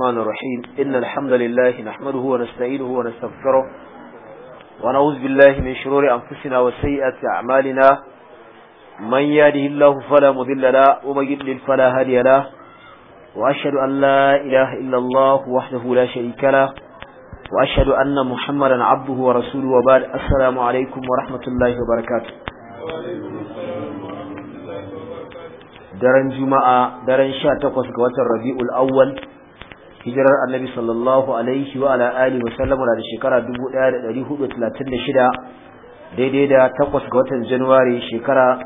الرحمن الرحيم إن الحمد لله نحمده ونستعينه ونستغفره ونعوذ بالله من شرور أنفسنا وسيئة أعمالنا من يهده الله فلا مضل له ومن يضلل فلا هادي له وأشهد أن لا إله إلا الله وحده لا شريك له وأشهد أن محمدا عبده ورسوله وبعد السلام عليكم ورحمة الله وبركاته daren juma'a daren 18 ga watan rabi'ul awwal hijirar annabi sallallahu alaihi wa ala alihi wa sallam da shekara 1436 daidai da takwas ga watan Januwari shekara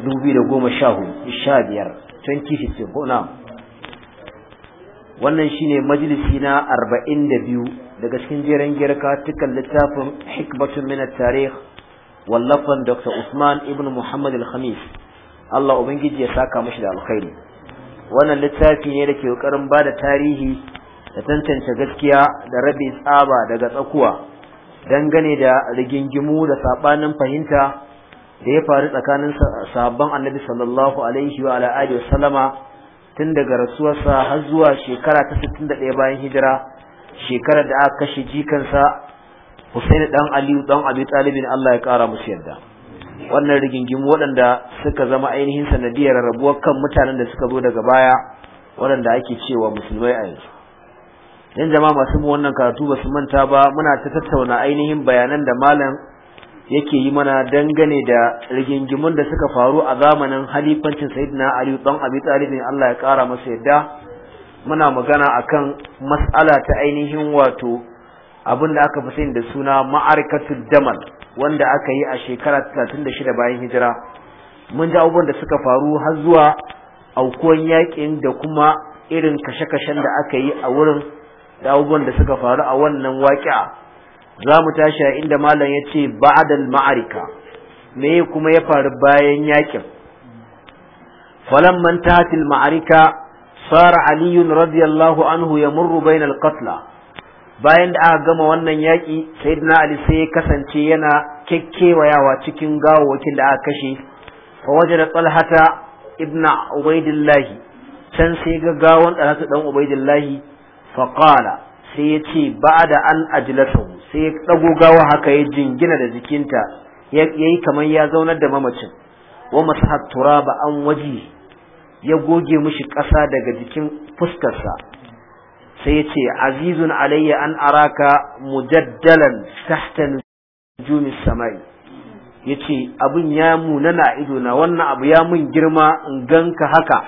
2014 2015 ko na wannan shine majalisi na 42 daga cikin jeren girka tukan littafin hikmatun min at-tarikh wallafan Dr. Usman ibn Muhammad al-Khamis Allah ubangiji ya saka mashi da alkhairi wannan littafi ne da ke ƙoƙarin ba da tarihi da tantance gaskiya da rabe tsaba daga tsakuwa dangane da rigingimu da saɓanin fahimta da ya faru tsakanin sabon annabi sallallahu alaihi wa ala alihi tun daga rasuwarsa har zuwa shekara ta sittin da ɗaya bayan hijira shekarar da aka kashe jikansa Husain dan Aliyu dan Abi Talibin Allah ya ƙara musu yadda. wannan rigingimu waɗanda suka zama ainihin sanadiyar rabuwar kan mutanen da suka zo daga baya waɗanda ake cewa musulmai a yanzu yan jama'a masu mu wannan karatu ba su manta ba muna ta tattauna ainihin bayanan da malam yake yi mana dangane da rigingimun da suka faru a zamanin halifancin sayyidina ali dan abi talib Allah ya kara masa yadda muna magana akan mas'ala ta ainihin wato abin da aka fi sani da suna ma'arikatul damal wanda aka yi a shekara 36 bayan hijira mun ji abubuwan da suka faru har zuwa aukuwan yakin da kuma irin kashe-kashen da aka yi a wurin da abubuwan da suka faru a wannan waƙi'a za mu tashi a inda malam ya ce ba'adal ma'arika me kuma ya faru bayan yakin falan man tatil ma'arika sara aliyun radiyallahu anhu ya murru bainal qatla bayan da aka gama wannan yaƙi sayyidina ali sai ya kasance yana kekkewayawa cikin gawawakin da aka kashe fa wajada talhata Ibn ubaidillahi can sai ga gawon talhata dan ubaidillahi fa qala sai ya ce ba'da an ajlatu sai ya dago gawa haka ya jingina da jikinta yayi kamar ya zaunar da mamacin wa masahat turaba an waji ya goge mishi ƙasa daga jikin fuskarsa sai ya ce, azizun alayya an araka mujaddalan tahta nujumis samai yace abin ya munana a ido na wannan abu ya mun girma in ganka haka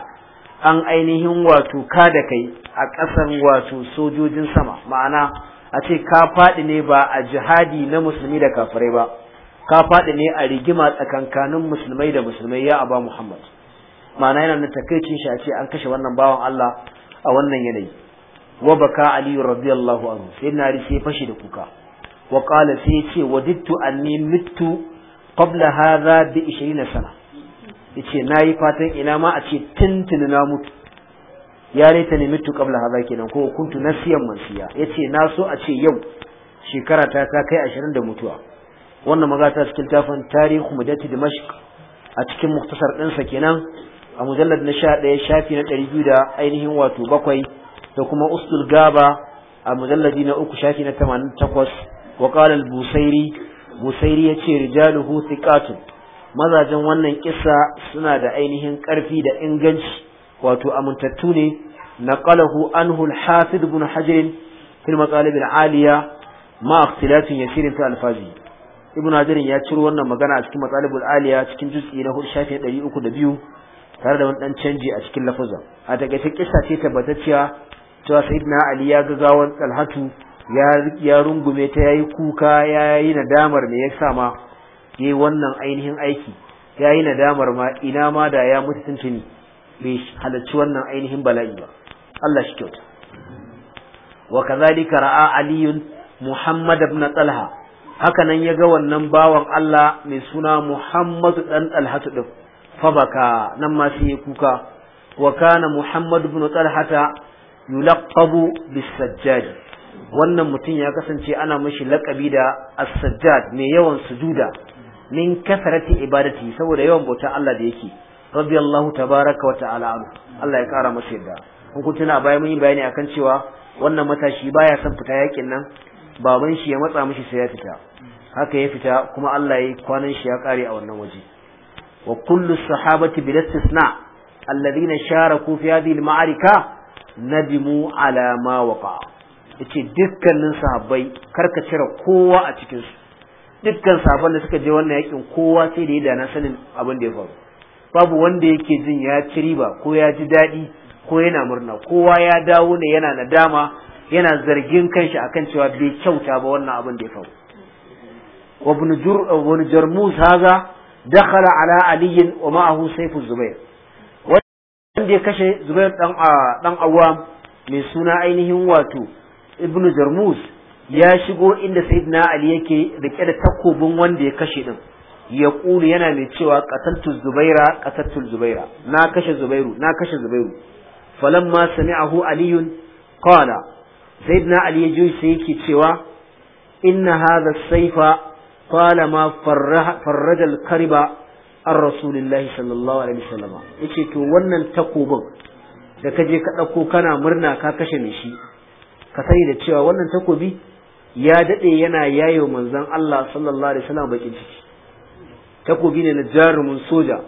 an ainihin wato ka da kai a ƙasan wato sojojin sama ma'ana a ce ka faɗi ne ba a jihadi na musulmi da kafirai ba ka faɗi ne a rigima tsakankanin musulmai da musulmai ya aba muhammad ma'ana yana na takaicin shi a ce an kashe wannan bawan allah a wannan yanayi wa baka ali radiyallahu anhu sai na ri sai fashi da kuka wa qala sai ya ce wadittu anni mittu qabla hadha bi 20 sana yace nayi fatan ina ma a ce tuntuni na mutu ya laita ne mitu qabla hadha kenan ko kuntu nasiyan mansiya yace na so a ce yau shekara ta ta kai 20 da mutuwa wannan maza ta cikin tafan tarihu mudati dimashq a cikin muktasar ɗinsa kenan a mujallar na 11 shafi na 200 da ainihin wato bakwai da kuma ustul gaba a mujalladi na uku shafi na 88 wa qala Busairi. busairi ya ce rijaluhu thiqatun mazajen wannan kissa suna da ainihin karfi da inganci wato amintattu ne naqalahu anhu al-hafiz ibn hajar fil maqalib al-aliya ma ikhtilafin yasirin fi al-fazi ibn hajar ya ciro wannan magana a cikin maqalib al-aliya cikin juz'i na hudu shafi 302 tare da wani dan canji a cikin lafaza. a takaice kissa ce tabbatacciya cewa sayyidina ali ya ga gawan talhatu ya ya rungume ta yayi kuka yi nadamar me yasa ma yayi wannan ainihin aiki yayi nadamar ma ina ma da ya mutu tuntuni me halarci wannan ainihin bala'i ba Allah shi kyauta wa kazalika ra'a aliyun muhammad ibn talha haka nan ya ga wannan bawan Allah mai suna muhammad dan talhatu din fa baka nan ma sai kuka wa kana muhammad ibn talhata yulaqabu bis wannan mutum ya kasance ana mashi lakabi da as-sajjad mai yawan sujuda min kasarati ibadati saboda yawan bautar Allah da yake radiyallahu tabaraka wa ta'ala Allah ya kara masa yadda kun kun tuna mun yi bayani akan cewa wannan matashi baya son fita yakin nan baban shi ya matsa mashi sai ya fita haka ya fita kuma Allah ya kwanan shi ya kare a wannan waje wa kullu sahabati bil istisna alladhina sharaku fi hadhihi al-ma'arika nadimu ala ma waqa yace dukkanin sahabbai karka cire kowa a cikin su dukkan sahabban da suka je wannan yakin kowa sai da ya na sanin abin da ya faru babu wanda yake jin ya ci riba ko ya ji daɗi ko yana murna kowa ya dawo ne yana nadama yana zargin kanshi akan cewa bai kyauta ba wannan abin da ya faru wani جر haza جرموز هذا دخل على علي ومعه wanda ya kashe zubair dan dan awam mai suna ainihin wato ibnu jarmus ya shigo inda sayyidina ali yake rike da takobin wanda ya kashe din ya kulu yana mai cewa qataltu zubaira qataltu zubaira na kashe zubairu na kashe zubairu falamma sami'ahu aliyun qala sayyidina ali ya ji sai yake cewa inna hadha as-sayfa طالما فرج Kariba. an rasulillahi sallallahu alaihi wasallam yace to wannan takobin da kaje ka ɗauko kana murna ka kashe ni shi ka sani da cewa wannan takobi ya daɗe yana yayo manzon Allah sallallahu alaihi wasallam bakin ciki takobi ne na jarumin soja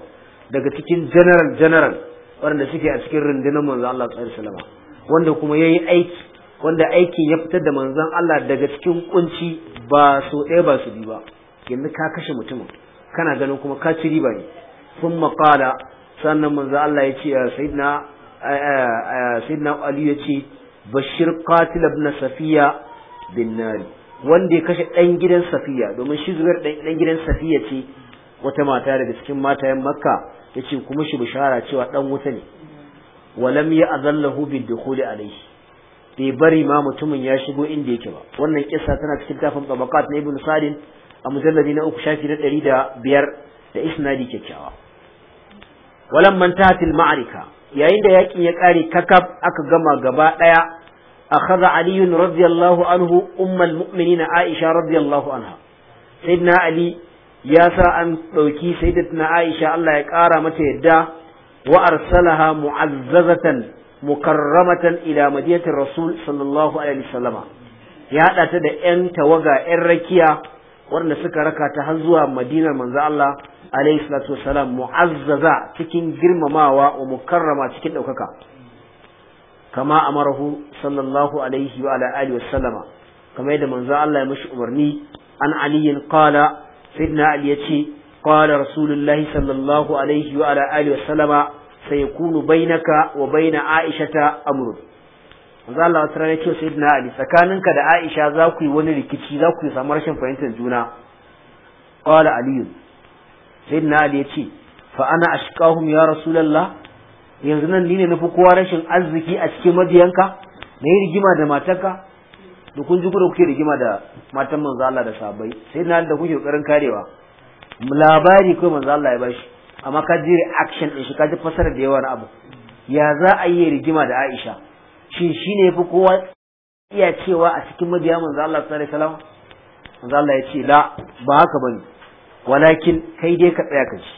daga cikin general general wanda suke a cikin rundunar manzon Allah sallallahu alaihi wasallam wanda kuma yayi aiki wanda aikin ya fitar da manzon Allah daga cikin kunci ba so ɗaya ba su biyu ba yanzu ka kashe mutumin kana ganin kuma ka ci riba ne sun maƙala sannan manzo Allah ya ce sayyidina eh, eh, eh, sayyidina Ali ya ce bashir qatil ibn safiya bin nari wanda ya kashe dan gidan safiya domin shi zubair dan gidan safiya ce wata mata daga cikin matayen makka ya ce kuma shi bishara cewa dan wuta ne walam ya azallahu da dukhuli alayhi bai bari ma mutumin ya shigo inda yake ba wannan kissa tana cikin tafin tabaqat na ibn sadin a mujalladi na uku shafi na ɗari da biyar da isnadi kyakkyawa walan mantatil ma'arika yayin da yakin ya ƙare kakaf aka gama gaba ɗaya akhadha aliyun radiyallahu anhu ummul mu'minina aisha radiyallahu anha sayyidina ali ya sa an ɗauki sayyidatuna aisha Allah ya ƙara mata yadda wa arsalaha mu'azzazatan mukarramatan ila madiyatir rasul sallallahu alaihi wasallama ya haɗa ta da 'yan tawaga 'yan rakiya wanda suka raka ta har zuwa madinar manzo Allah alaihi salatu wasalam mu'azzaza cikin girmamawa wa mukarrama cikin ɗaukaka kama amarahu sallallahu alaihi wa ala alihi wasallama kamar yadda manzo Allah ya mishi umarni an aliyin qala sayyidina ali yace qala rasulullahi sallallahu alaihi wa ala alihi wasallama sayakunu bainaka wa baina aishata amrun manzo Allah wata rana ce sayyidina Ali tsakaninka da Aisha za ku yi wani rikici za ku samu rashin fahimtar juna qala Ali sayyidina Ali ya ce fa ana ashqahum ya rasulullah yanzu nan ni ne nufi kowa rashin arziki a cikin mabiyanka na yi rigima da matarka da kun ji kuda kuke rigima da matan manzo Allah da sabai sai na da kuke kokarin karewa labari kai manzo Allah ya bashi amma ka ji reaction din shi ka ji fasara da yawan abu ya za a yi rigima da Aisha shin shine fi kowa iya cewa a cikin mabiya manzo Allah sallallahu alaihi wasallam Allah ya ce la ba haka bane walakin kai dai ka tsaya ka ji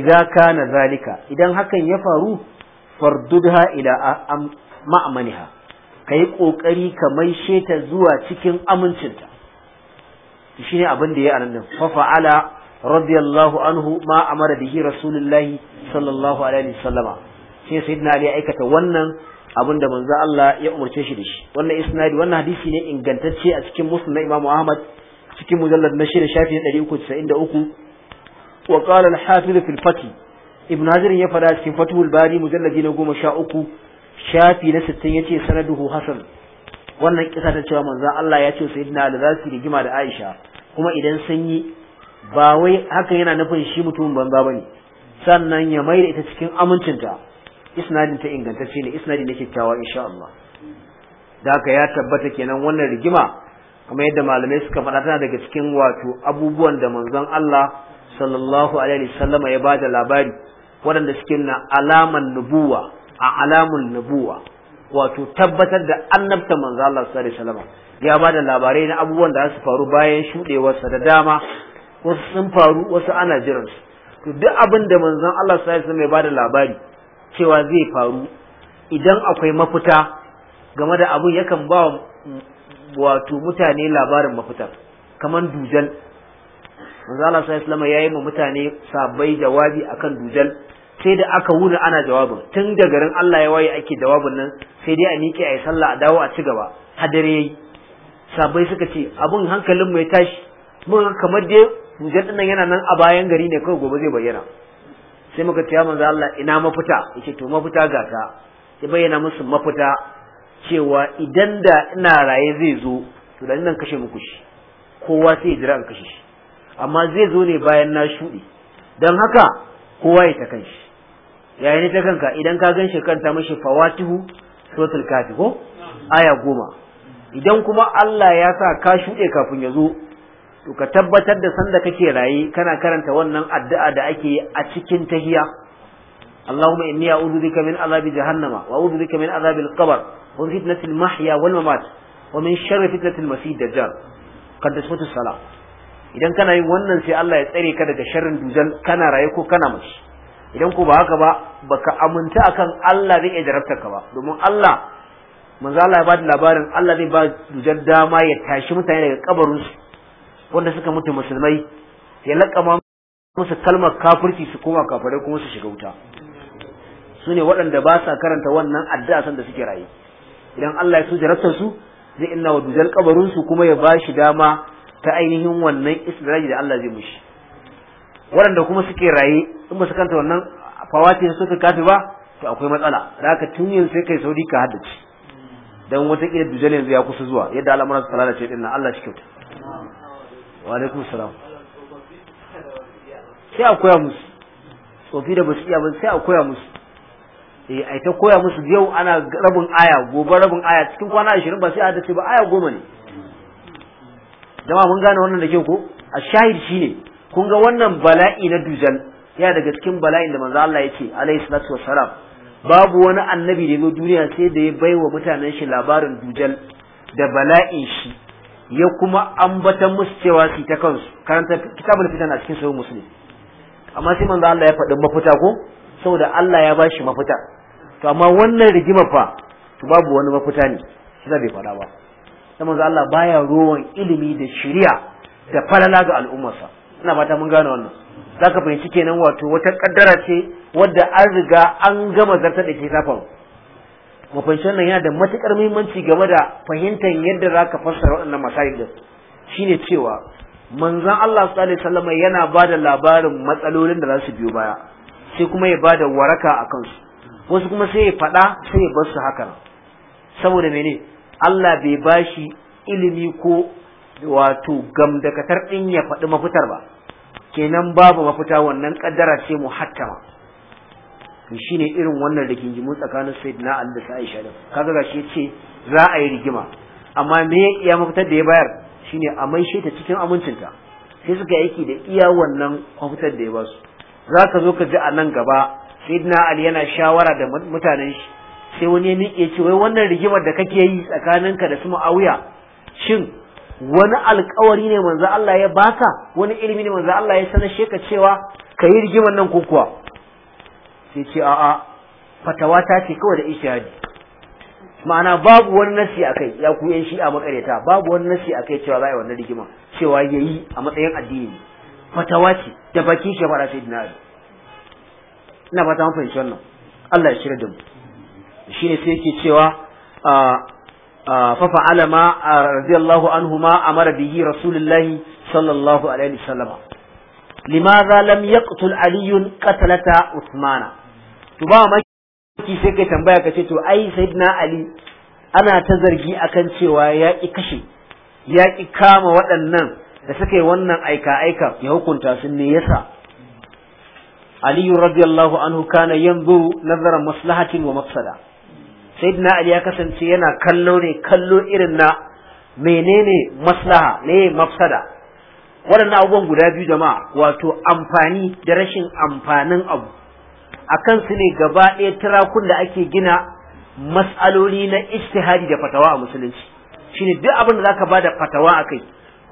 idza kana zalika idan hakan ya faru fardudha ila ma'amaniha kai kokari ka maishe ta zuwa cikin amincinta ne abin da ya anan din fa fa'ala radiyallahu anhu ma amara bihi rasulullahi sallallahu alaihi wasallama sai sayyidina ali aikata wannan Abin da manzo Allah ya umarce shi da shi wannan isnadi wannan hadisi ne ingantacce a cikin musnad na Imam Ahmad cikin mujallad na shirin shafi 393 wa qala al-hafiz fi al-fath ibn Hajar ya fada cikin Fathul Bari mujallad na 13 shafi na 60 yace sanaduhu hasan wannan kisa ta cewa manzo Allah ya ce sayyidina Ali zasu rigima da Aisha kuma idan sanyi ba wai hakan yana nufin shi mutumin banza bane sannan ya maida ita cikin amincinta isnadin ta ingantacce ne isnadi ne kyakkyawa insha Allah da haka ya tabbata kenan wannan rigima kamar yadda malamai suka faɗa tana daga cikin wato abubuwan da manzon Allah sallallahu alaihi wasallama ya bada labari waɗanda suke na alaman nubuwa a alamun nubuwa wato tabbatar da annabta manzon Allah sallallahu alaihi wasallama ya bada labarai na abubuwan da za su faru bayan shudewarsa da dama wasu sun faru wasu ana jiran to duk abin da manzon Allah sallallahu alaihi wasallama ya bada labari cewa zai faru idan akwai mafita game da abun yakan ba wato mutane labarin mafita kamar dujal manzo sai sallallahu ya yi ma mutane sabai jawabi akan dujal sai da aka wuni ana jawabin tun da garin Allah ya waye ake jawabin nan sai dai a miƙe a yi sallah a dawo a ci gaba hadare yayi sabai suka ce abun hankalin mu ya tashi mun kamar dai dujal din yana nan a bayan gari ne kawai gobe zai bayyana sai muka ce manzo Allah ina mafita yace to mafita ga ka ya bayyana musu mafita cewa idan da ina raye zai zo to da nan kashe muku shi kowa sai jira an kashe shi amma zai zo ne bayan na shuɗe don haka kowa ya ta kan shi ne ta kanka idan ka gan kanta mashi fawatihu suratul kafi ko aya goma idan kuma Allah ya sa ka shuɗe kafin ya zo to ka tabbatar da sanda kake raye kana karanta wannan addu'a da ake a cikin tahiya Allahumma inni a'udhu bika min azabi jahannama wa a'udhu bika min azabi al-qabr wa min fitnati al-mahya wal mamat wa min sharri fitnati al-masih dajjal qaddasatu salat idan kana yin wannan sai Allah ya tsare ka daga sharrin dujal kana raye ko kana mace idan ko ba haka ba baka aminta akan Allah zai ya jarabta ka ba domin Allah manzo Allah da labarin Allah zai ba dujal dama ya tashi mutane daga kabarinsu wanda suka mutu musulmai ya laƙama musu kalmar kafirci su koma kafirai kuma su shiga wuta su ne waɗanda ba sa karanta wannan addu'a san da suke raye idan Allah ya so jarabtar su zai inna wa dujal kabarin su kuma ya ba shi dama ta ainihin wannan istidraji da Allah zai mushi waɗanda kuma suke raye in ba su karanta wannan fawati su suka kafi ba to akwai matsala da haka tun yin sai kai saudi ka haddace dan wata kila dujal yanzu ya kusa zuwa yadda al'amuran su ce dinna Allah shi kyauta wa salam sai a koya musu tsofi da basu iya ba sai a koya musu a eh, ai ta koya musu yau ana rabin aya gobe rabin aya cikin kwana ashirin ba sai a ce ba aya goma ne jama'a mun gane wannan da kyau ko a shahid shi ne kun ga wannan bala'i na dujal ya daga cikin bala'in da manzo Allah ya ce alaihi salatu wassalam babu wani annabi da ya duniya sai da ya baiwa mutanen shi labarin dujal da bala'in shi ya kuma ambatan musu cewa su ta kansu karanta kitabun fitan a cikin sahih muslim amma sai manzo Allah ya faɗi mafita ko saboda Allah ya bashi mafita to amma wannan rigima fa to babu wani mafita ne shi bai faɗa ba sai manzo Allah baya rowan ilimi da shari'a da falala ga al'ummarsa ina fata mun gane wannan zaka fahimci kenan wato wata kaddara ce wadda an riga an gama zartar da ke safan mafanci nan yana da matukar muhimmanci game da fahimtar yadda za ka fassara waɗannan masayin da Shi ne cewa manzan Allah su alaihi yana ba da labarin matsalolin da za su biyo baya sai kuma ya ba da waraka a kansu wasu kuma sai ya faɗa sai ya bar su haka saboda mene Allah bai ba shi ilimi ko wato gamdakatar ɗin ya faɗi mafitar ba kenan babu mafita wannan kaddara ce muhattama to shine irin wannan rigingimu tsakanin sayyidina Ali da Aisha din kaga gashi ce za a yi rigima amma me ya iya mafitar da ya bayar shine a maishe ta cikin amincinta sai suka yi aiki da iya wannan mafitar da ya basu za ka zo ka ji a nan gaba sayyidina Ali yana shawara da mutanen shi sai wani ya miƙe ce wai wannan rigimar da kake yi tsakaninka da su ma'awiya shin wani alkawari ne manzo Allah ya baka wani ilimi ne manzo Allah ya sanar sheka cewa ka yi rigimar nan ko kuwa sai ce a'a fatawa ta ce kawai da ishihadi ma'ana babu wani nasi kai ya ku yan shi'a makareta babu wani nasi kai cewa za a yi wannan rigima cewa ya yi a matsayin addini fatawa ce da baki shafara fara sai dinari ina fata mun fahimci wannan Allah ya shirya da mu shine sai yake cewa fa fa'ala ma radiyallahu anhu ma amara bihi rasulullahi sallallahu alaihi wasallama limaza lam yaqtul aliyun qatalata usmana to ba maki sai kai tambaya ka ce, to ai sayyidina ali ana ta zargi a kan cewa ya ki kashe ya ki kama waɗannan da suka yi wannan aika aika ya hukunta su ne yasa ali radiyallahu anhu kana yanzu nazara maslahatin wa mafsada sayyidina ali ya kasance yana kallo ne kallo irin na menene maslaha ne mafsada waɗannan abubuwan guda biyu jama'a wato amfani da rashin amfanin abu a kansu ne gaba ɗaya turakun da ake gina matsaloli na ijtihadi da fatawa a musulunci shine duk abin da zaka bada fatawa a kai,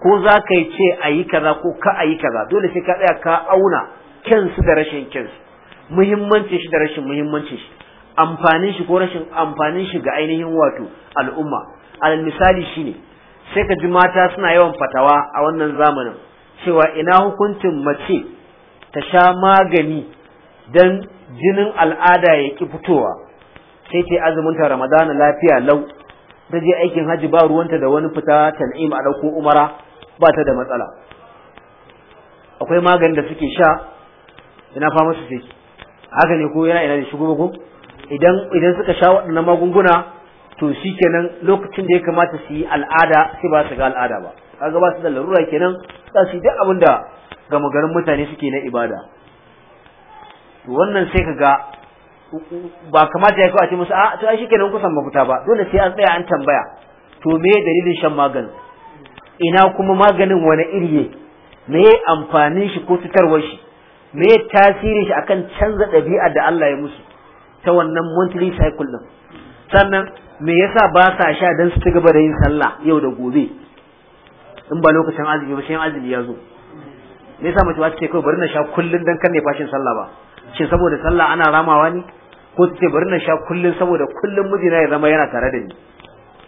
ko ka yi ce a yi kaza ko ka a yi kaza dole sai ka tsaya ka auna kyansu da rashin kyansu muhimmancin shi da rashin muhimmancin shi amfanin shi ko rashin amfanin shi ga ainihin wato al'umma al' misali shine sai ka ji mata suna yawan fatawa a wannan zamanin cewa ina hukuncin mace ta sha magani don jinin al'ada ya ki fitowa sai ta azumin ta ramadana lafiya lau ta je aikin hajji ba ruwanta da wani fita tan'im a ɗauko umara ba ta da matsala akwai magani da suke sha ina fama su ce? haka ne ko yana ina da shigo idan idan suka sha waɗannan magunguna to shi kenan lokacin da ya kamata su yi al'ada sai ba su ga al'ada ba kaga ba su da larura kenan za su yi duk abin da gama garin mutane suke na ibada to wannan sai ka ga ba kamata ya kawo a ce musu a to ai kenan kusan mafuta ba dole sai an tsaya an tambaya to me dalilin shan maganin ina kuma maganin wani iri me amfanin shi ko fitarwar shi me tasirin shi akan canza ɗabi'a da Allah ya musu ta wannan monthly cycle din sannan me yasa ba sa sha dan su ci gaba da yin sallah yau da gobe in ba lokacin azumi ba shin azumi ya zo me yasa mace ba ta ce kawai bari na sha kullun dan kan ne fashin sallah ba shin saboda sallah ana ramawa ne ko ce bari na sha kullun saboda kullun mijina ya zama yana tare da ni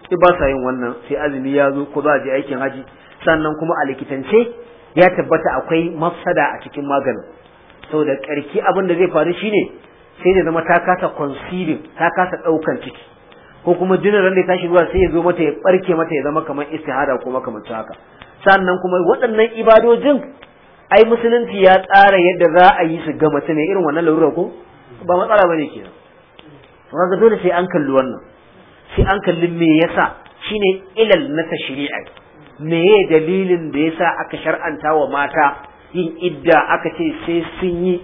in ba sa yin wannan sai azumi ya zo ko za a je aikin haji sannan kuma a likitance ya tabbata akwai mafsada a cikin maganin saboda karki abin da zai faru shine sai da zama ta kasa conceiving ta kasa daukan ciki ko kuma jinin ran da ya tashi zuwa sai ya zo mata ya barke mata ya zama kamar istihada ko makamancin haka sannan kuma waɗannan ibadojin ai musulunci ya tsara yadda za a yi su ga mace ne irin wannan larura ko ba matsala bane kenan ga dole sai an kalli wannan sai an kalli me yasa shine ilal na me meye dalilin da yasa aka shar'anta wa mata yin idda aka ce sai sun yi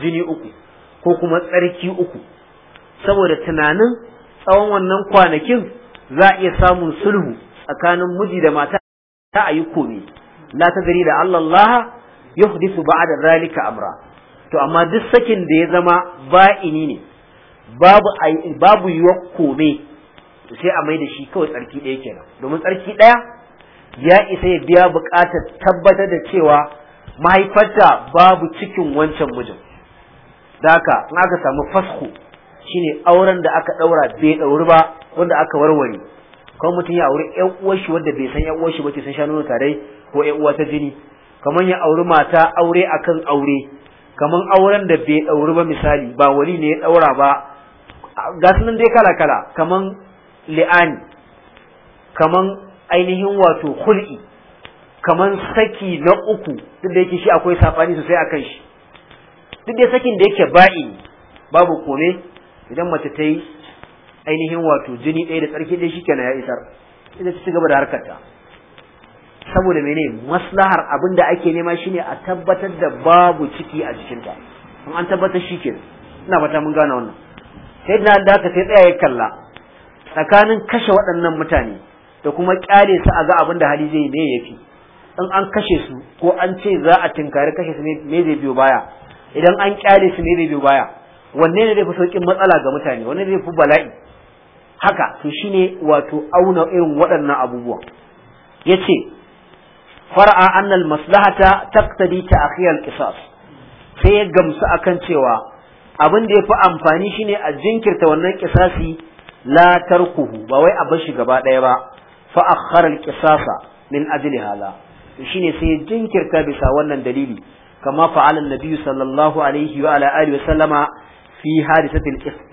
jini uku ko kuma tsarki uku saboda tunanin tsawon wannan kwanakin za a iya samun sulhu tsakanin miji da mata ta ayi komi la ta gari da Allah Allah yuhdithu ba'da zalika amra to amma duk sakin da ya zama ba'ini ne babu babu yiwa kome sai a mai da shi kawai tsarki ɗaya kenan domin tsarki ɗaya ya isa ya biya buƙatar tabbatar da cewa mahaifarta babu cikin wancan mijin da haka in aka samu fasku shine auren da aka daura bai dauri ba wanda aka warware kamar mutum ya auri ƴan uwar shi wanda bai san ƴan uwar shi ba ke sun sha tare ko ƴan uwa ta jini kamar ya auri mata aure akan aure kamar auren da bai dauri ba misali ba wali ne ya daura ba ga sunan dai kala kala kamar li'ani kamar ainihin wato hul'i kamar saki na uku duk da yake shi akwai sabani sosai akan shi duk da sakin da yake ba'i babu kome idan mace ta yi ainihin wato jini ɗaya da tsarki ɗaya shi kenan ya isar idan ta ci gaba da harkarta saboda mene maslahar abin da ake nema shine a tabbatar da babu ciki a jikinta in an tabbatar shi kenan ina fata mun gane wannan sai na da haka sai tsaya ya kalla tsakanin kashe waɗannan mutane da kuma kyale su a ga abin da hali zai ya yafi in an kashe su ko an ce za a tinkari kashe su me zai biyo baya idan an kyale su me zai biyo baya wanne ne zai fi saukin matsala ga mutane wanne zai fi bala'i haka to shine wato auna irin waɗannan abubuwan yace fara'a anna maslaha maslahata taqtadi ta al-qisas sai ya gamsu akan cewa abin da yafi amfani shine a jinkirta wannan kisasi la tarkuhu ba wai a bar shi gaba ɗaya ba fa akhara al-qisasa min ajli hala shine sai ya jinkirta bisa wannan dalili kama fa'ala an-nabi sallallahu alaihi wa ala alihi wa sallama fi hadisatil ifk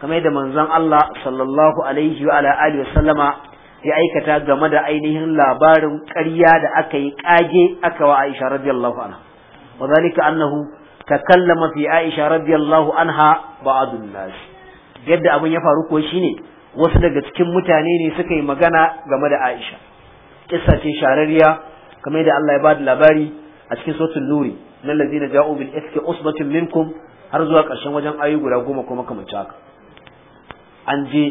kamar da manzon Allah sallallahu alaihi wa ala alihi wasallama ya aikata game da ainihin labarin ƙarya da aka yi ƙage aka wa Aisha radiyallahu anha wa zalika annahu takallama fi Aisha radiyallahu anha ba'dun nas yadda abin ya faru ko shine wasu daga cikin mutane ne suka yi magana game da Aisha kissa ce shararriya kamar da Allah ya bada labari a cikin suratul nuri na lazina ja'u bil ifki usbatun minkum har zuwa ƙarshen wajen ayi guda goma ko makamanci haka an je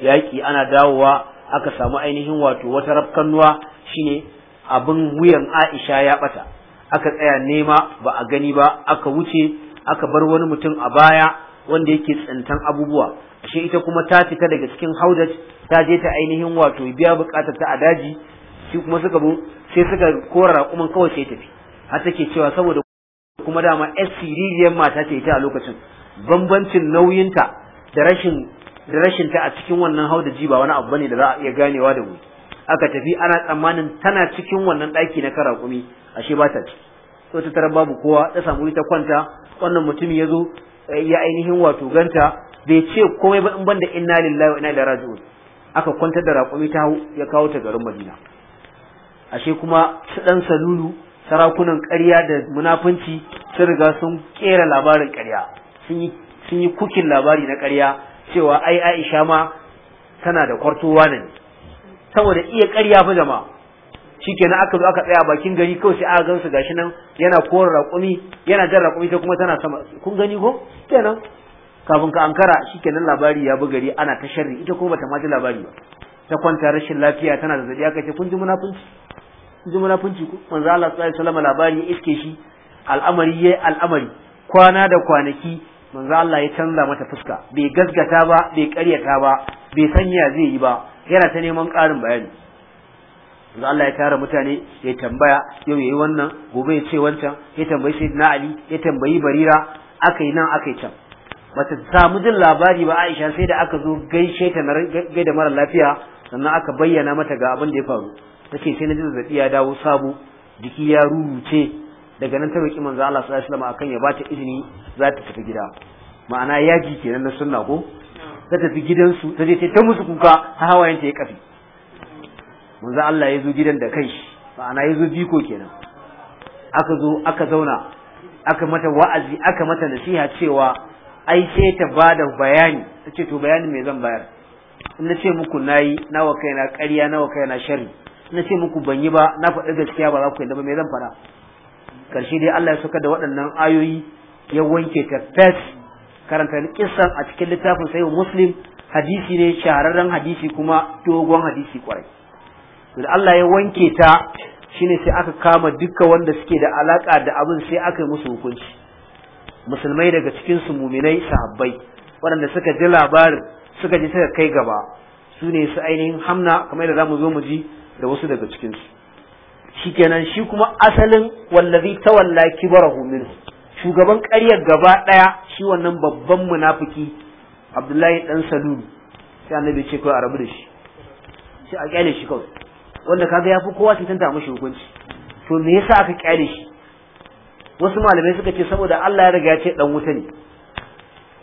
yaƙi ana dawowa aka samu ainihin wato wata rafkannuwa shine abin wuyan Aisha ya ɓata aka tsaya nema ba a gani ba aka wuce aka bar wani mutum a baya wanda yake tsintan abubuwa ashe ita kuma ta fita daga cikin haudat ta je ta ainihin wato biya bukatar ta a daji shi kuma suka bu sai suka kora raƙuman kawai sai tafi har take cewa saboda kuma dama yar siririyar mata ce ita a lokacin bambancin nauyinta da rashin ta a cikin wannan hau haudaji ba wani abu bane da za a iya ganewa da wuri aka tafi ana tsammanin tana cikin wannan ɗaki na karakumi ashe ba ta ci so ta tarar babu kowa ta samu ta kwanta wannan mutum ya zo eh, ya ainihin wato ganta bai ce komai ba in banda inna lillahi wa inna ilaihi raji'un aka kwantar da raƙumi ta ya kawo ta garin Madina ashe kuma su ɗan salulu sarakunan ƙarya da munafunci sun riga sun kera labarin ƙarya sun yi kukin labari na ƙarya cewa ai Aisha ma tana da wane ne saboda iya ƙarya fa jama'a shikenan aka zo aka tsaya bakin gari kawai sai aka gansu gashi nan yana kora raƙumi yana jan raƙumi ta kuma tana sama kun gani ko kenan kafin ka ankara shikenan labari ya bi gari ana ta sharri ita kuma bata ma ji labari ba ta kwanta rashin lafiya tana da aka ce kun ji munafunci ji munafunci manzo Allah sallallahu alaihi wasallam labari ya iske shi al'amari yayi al'amari kwana da kwanaki manzo Allah ya canza mata fuska bai gasgata ba bai karyata ba bai sanya zai yi ba yana ta neman ƙarin bayani Wanzu Allah ya tara mutane ya tambaya yau yayi wannan gobe ya ce wancan ya tambayi sayyidina Ali ya tambayi Barira akai nan akai can bata samu jin labari ba Aisha sai da aka zo gaishe ta na gaida mara lafiya sannan aka bayyana mata ga abin da ya faru take sai na ji zazzabi ya dawo sabo jiki ya ruruce daga nan ta roki manzo Allah sallallahu alaihi wasallam akan ya bata izini za ta tafi gida ma'ana yaji kenan na sunna ko ta tafi gidansu ta je ta musu kuka har hawayen ta ya kafi manzo Allah ya zo gidan da kai ma'ana ya zo biko kenan aka zo aka zauna aka mata wa'azi aka mata nasiha cewa ai sai ta bada bayani ta ce to bayani me zan bayar in na ce muku nayi nawa kaina ƙarya nawa kaina sharri na ce muku ban yi ba na faɗi gaskiya ba za ku yadda ba me zan faɗa ƙarshe dai Allah ya saka da waɗannan ayoyi ya wanke ta fes karanta kissan a cikin littafin sayo muslim hadisi ne shahararren hadisi kuma dogon hadisi kwarai da Allah ya wanke ta shine sai aka kama duka wanda suke da alaka da abin sai aka yi musu hukunci musulmai daga cikin su muminai sahabbai waɗanda suka ji labarin suka ji suka kai gaba su ne su ainihin hamna kamar da zamu zo mu ji da wasu daga cikin shikenan shi kuma asalin wallazi tawalla kibarahu min shugaban ƙaryar gaba ɗaya shi wannan babban munafiki Abdullahi dan salul sai annabi ce a rabu da shi shi a kyale shi kawai wanda kaga yafi kowa tanta mashi hukunci to me yasa aka kyale shi wasu malamai suka ce saboda Allah ya riga ya ce dan wuta ne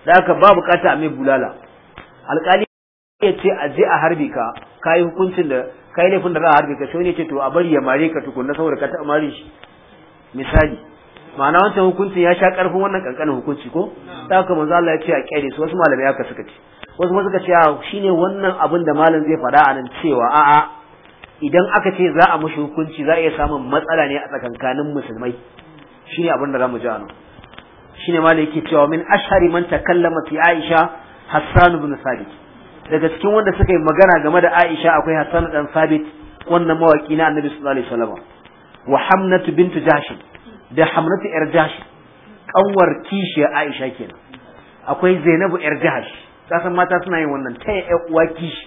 da haka ba bukata a mai bulala alƙali ya ce a je a harbe ka kayi hukuncin da kayi laifin da za a harbe ka sai wani ya ce to a bari ya mare ka tukunna saboda ka taɓa mare shi misali ma'ana wancan hukuncin ya sha karfin wannan kankanin hukunci ko ta haka manzo Allah ya ce a kyale su wasu malamai haka suka ce wasu ma suka ce shine wannan abin da malam zai faɗa a nan cewa a'a idan aka ce za a mushi hukunci za a iya samun matsala ne a tsakankanin musulmai shine abin da mu ji a nan shine malam yake cewa min ashari man takallama fi Aisha Hassan ibn Sabit daga cikin wanda suka yi magana game da Aisha akwai Hassan dan Sabit wannan mawaki na Annabi sallallahu alaihi wasallam wa Hamnatu bint Jahsh da Hamnatu yar Jahsh kanwar kishiya Aisha kenan akwai Zainabu yar Jahsh kasan mata suna yin wannan ta ya uwa kishi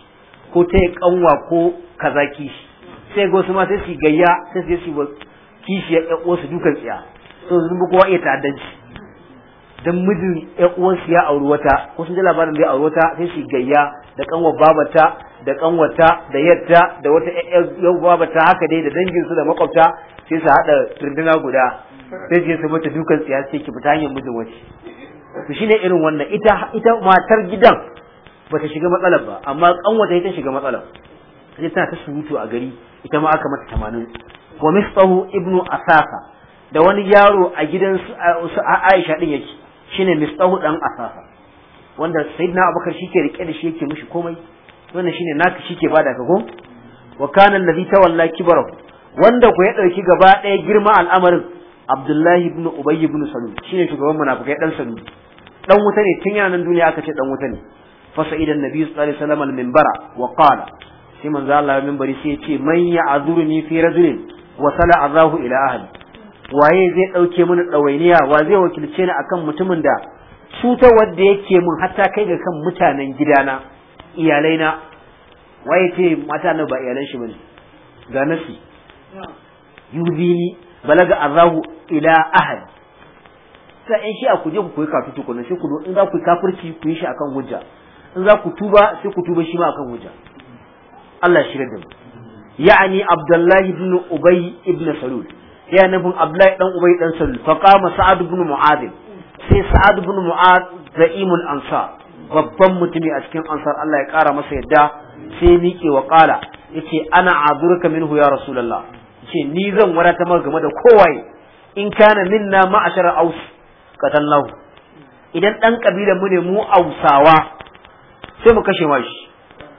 ko ta ya kanwa ko kaza kishi sai ga wasu ma sai su gayya sai su yi kishiya ya uwa su dukan tsiya to zumbu kowa iya ta'addanci dan mijin ƴan uwansu ya auri wata ko sun ji labarin da ya auri wata sai shi gayya da kanwa babata da kanwata da yadda da wata ƴan babata haka dai da dangin su da makwabta sai su hada turduna guda sai je su mata dukan tsiya sai ki fita hanyar mijin wace to shine irin wannan ita ita matar gidan ba ta shiga matsalar ba amma kanwata ita shiga matsalar sai tana ta surutu a gari ita ma aka mata tamanin wa mistahu ibnu asaka da wani yaro a gidan su Aisha din yake shine mistahu dan asasa wanda sayyidina abubakar shike rike da shi yake mishi komai wannan shine naka shike bada ka ko wa kana allazi tawalla kibarahu wanda ku ya dauki gaba daya girma al'amarin abdullahi ibn ubay ibn salul shine shugaban munafikai dan salul dan wuta ne tun yana nan duniya aka ce dan wuta ne fa sa'idan nabi sallallahu alaihi wasallam al-minbara wa qala sai manzo Allah ya minbari sai ya ce man ya'zuruni fi rajulin wa sala azahu ila ahli waye zai ɗauke mini ɗawainiya wa zai wakilce ni akan mutumin da cutar wanda yake mun hatta kai ga kan mutanen gidana iyalaina waye ce mata na ba iyalan shi bane ga nasi yuzini balaga azahu ila ahad sai in shi a kuje ku koyi kafin tukunan sai ku zo in za ku kafirci ku yi shi akan hujja in za ku tuba sai ku tuba shi ma akan hujja Allah shi da mu ya'ani Abdullahi ibn Ubay ibn Salul ya nufin Abdullahi dan Ubay dan Salul fa qama Sa'ad ibn Mu'adh sai Sa'ad ibn Mu'adh za'imul ansar babban mutumi a cikin ansar Allah ya kara masa yadda sai miƙe wa qala yace ana azurka minhu ya rasulullah yace ni zan wadata maka game da kowaye in kana minna ma'ashara aus qatallahu idan dan kabilan mu ne mu ausawa sai mu kashe shi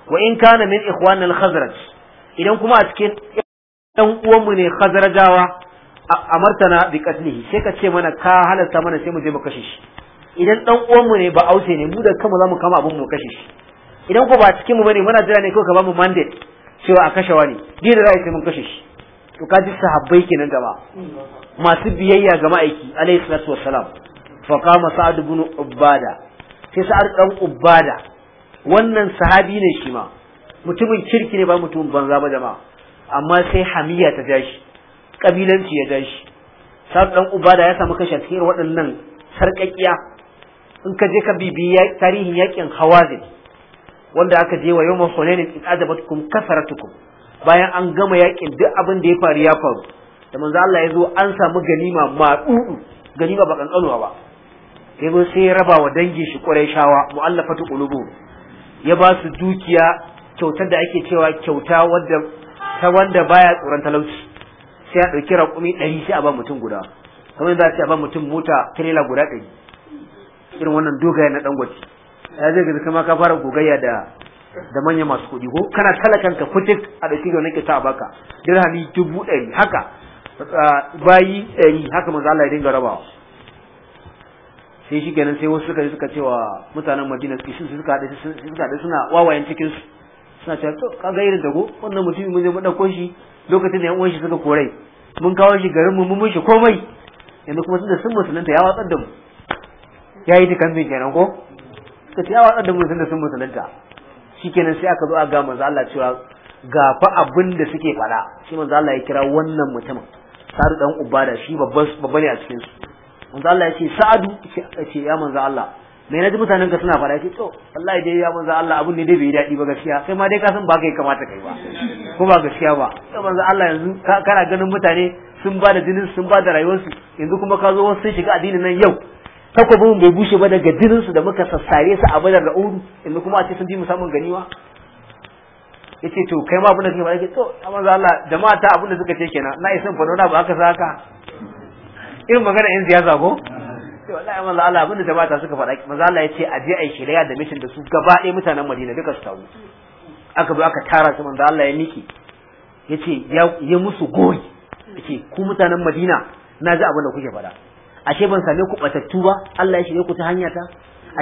wa in kana min ikhwanil khazraj idan kuma a cikin ɗan uwanmu ne khazrajawa amartana bi qatlihi sai ka ce mana ka halarta mana sai mu je mu kashe shi idan dan uwan mu ne ba auce ne mu da kanmu zamu kama abun mu kashe shi idan ko ba cikin mu bane muna jira ne ko ka ba mu mandate cewa a kashe wani ni da rai sai mun kashe shi to kaji sahabbai kenan gaba masu biyayya ga ma'aiki alayhi salatu wassalam fa qama sa'ad ibn ubada sai sa'ad dan ubada wannan sahabi ne shi ma mutumin kirki ne ba mutumin banza ba jama'a amma sai hamiya ta jashi kabilanci ya gashi, shi ɗan Uba da ya samu kashe cikin waɗannan sarƙaƙiya in ka je ka bibi tarihin yakin hawazin wanda aka je wa yawma hunainin in ajabatkum kasaratukum bayan an gama yakin duk abin da ya faru ya faru da manzo Allah ya zo an samu ganima maɗuɗu ganima ba kankanuwa ba ya sai ya raba wa dangin shi ƙurayshawa mu'allafatu qulubu ya ba su dukiya kyautar da ake cewa kyauta wadda ta wanda baya tsoron talauci sai ya ɗauki raƙumi ɗari sai a ba mutum guda kamar za a ce a ba mutum mota tirela guda ɗari irin wannan dogaya na dangote ya zai gaza kama ka fara gogayya da da manya masu kuɗi ko kana talakan ka kutik a ɗauki ga nake ta baka dirhami dubu ɗari haka bayi ɗari haka manzo Allah ya dinga rabawa sai shi kenan sai wasu suka suka cewa mutanen Madina suke shi suka haɗe suka suna wawayen cikin suna cewa to kaga irin dago wannan mutum mun je mu ɗauko shi lokacin da yan uwan shi suka korai mun kawo shi garin mu mun mishi komai yanzu kuma da sun musulunta ya watsar da mu ya yi dukan zai kenan ko suka ce ya watsar da mu da sun musulunta kenan sai aka zo a ga manzo Allah cewa ga fa abin da suke faɗa shi manzo Allah ya kira wannan mutumin sa'adu dan ubada shi babban babban ne a cikin su manzo Allah ya ce sa'adu ce ya manzo Allah mai ji mutanen ka suna faɗa ce to wallahi dai ya manzo Allah abun ne dai bai daɗi ba gaskiya kai ma dai ka san ba kai kamata kai ba ko ba gaskiya ba to manzo Allah yanzu kana ganin mutane sun ba da jinin sun ba da rayuwarsu yanzu kuma ka zo wasu sun shiga addinin nan yau takwabin bai bushe ba daga jinin su da muka sassare su a badar da uru yanzu kuma a ce sun ji mu samun ganiwa yace to kai ma abun da kake ba ke to manzo Allah jama'a ta abun da suka ce kenan na isan fa na ba sa haka irin magana in siyasa ko sai wallahi manzo Allah abin da jama'a suka faɗa manzo Allah ya ce a je ai shirya da mission da su gaba ɗaya mutanen Madina duka su taru aka zo aka tara su manzo Allah ya miki yace ya musu goyi yace ku mutanen Madina na ji abin da kuke faɗa ashe ban same ku batattu ba Allah ya shirye ku ta hanya ta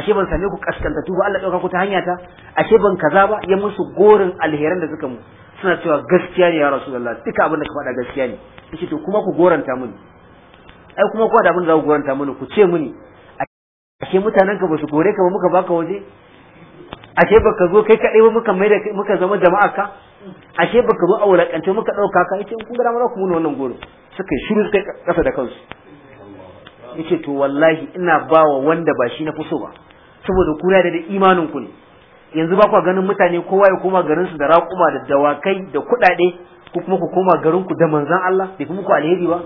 ashe ban same ku kaskantattu ba Allah ya dauka ku ta hanya ta ashe ban kaza ba ya musu gorin alheran da suka mu suna cewa gaskiya ne ya Rasulullah duka abin da ka faɗa gaskiya ne yace to kuma ku goranta mun ai kuma ko da abin da za ku goranta mana ku ce muni ashe mutanen ka ba su gore ka ba muka baka waje ashe baka zo kai kadai ba muka mai da muka zama jama'a ka ashe baka zo a wulakance muka dauka ka yace kun gara ku muni wannan goro suka shiru suka kasa da kansu yace to wallahi ina bawa wanda ba shi na fuso ba saboda ku da imanin ku ne yanzu ba ku ganin mutane kowa ya koma garin su da raƙuma da dawakai da kuɗaɗe ko kuma ku koma garin ku da manzon Allah bai kuma ku alheri ba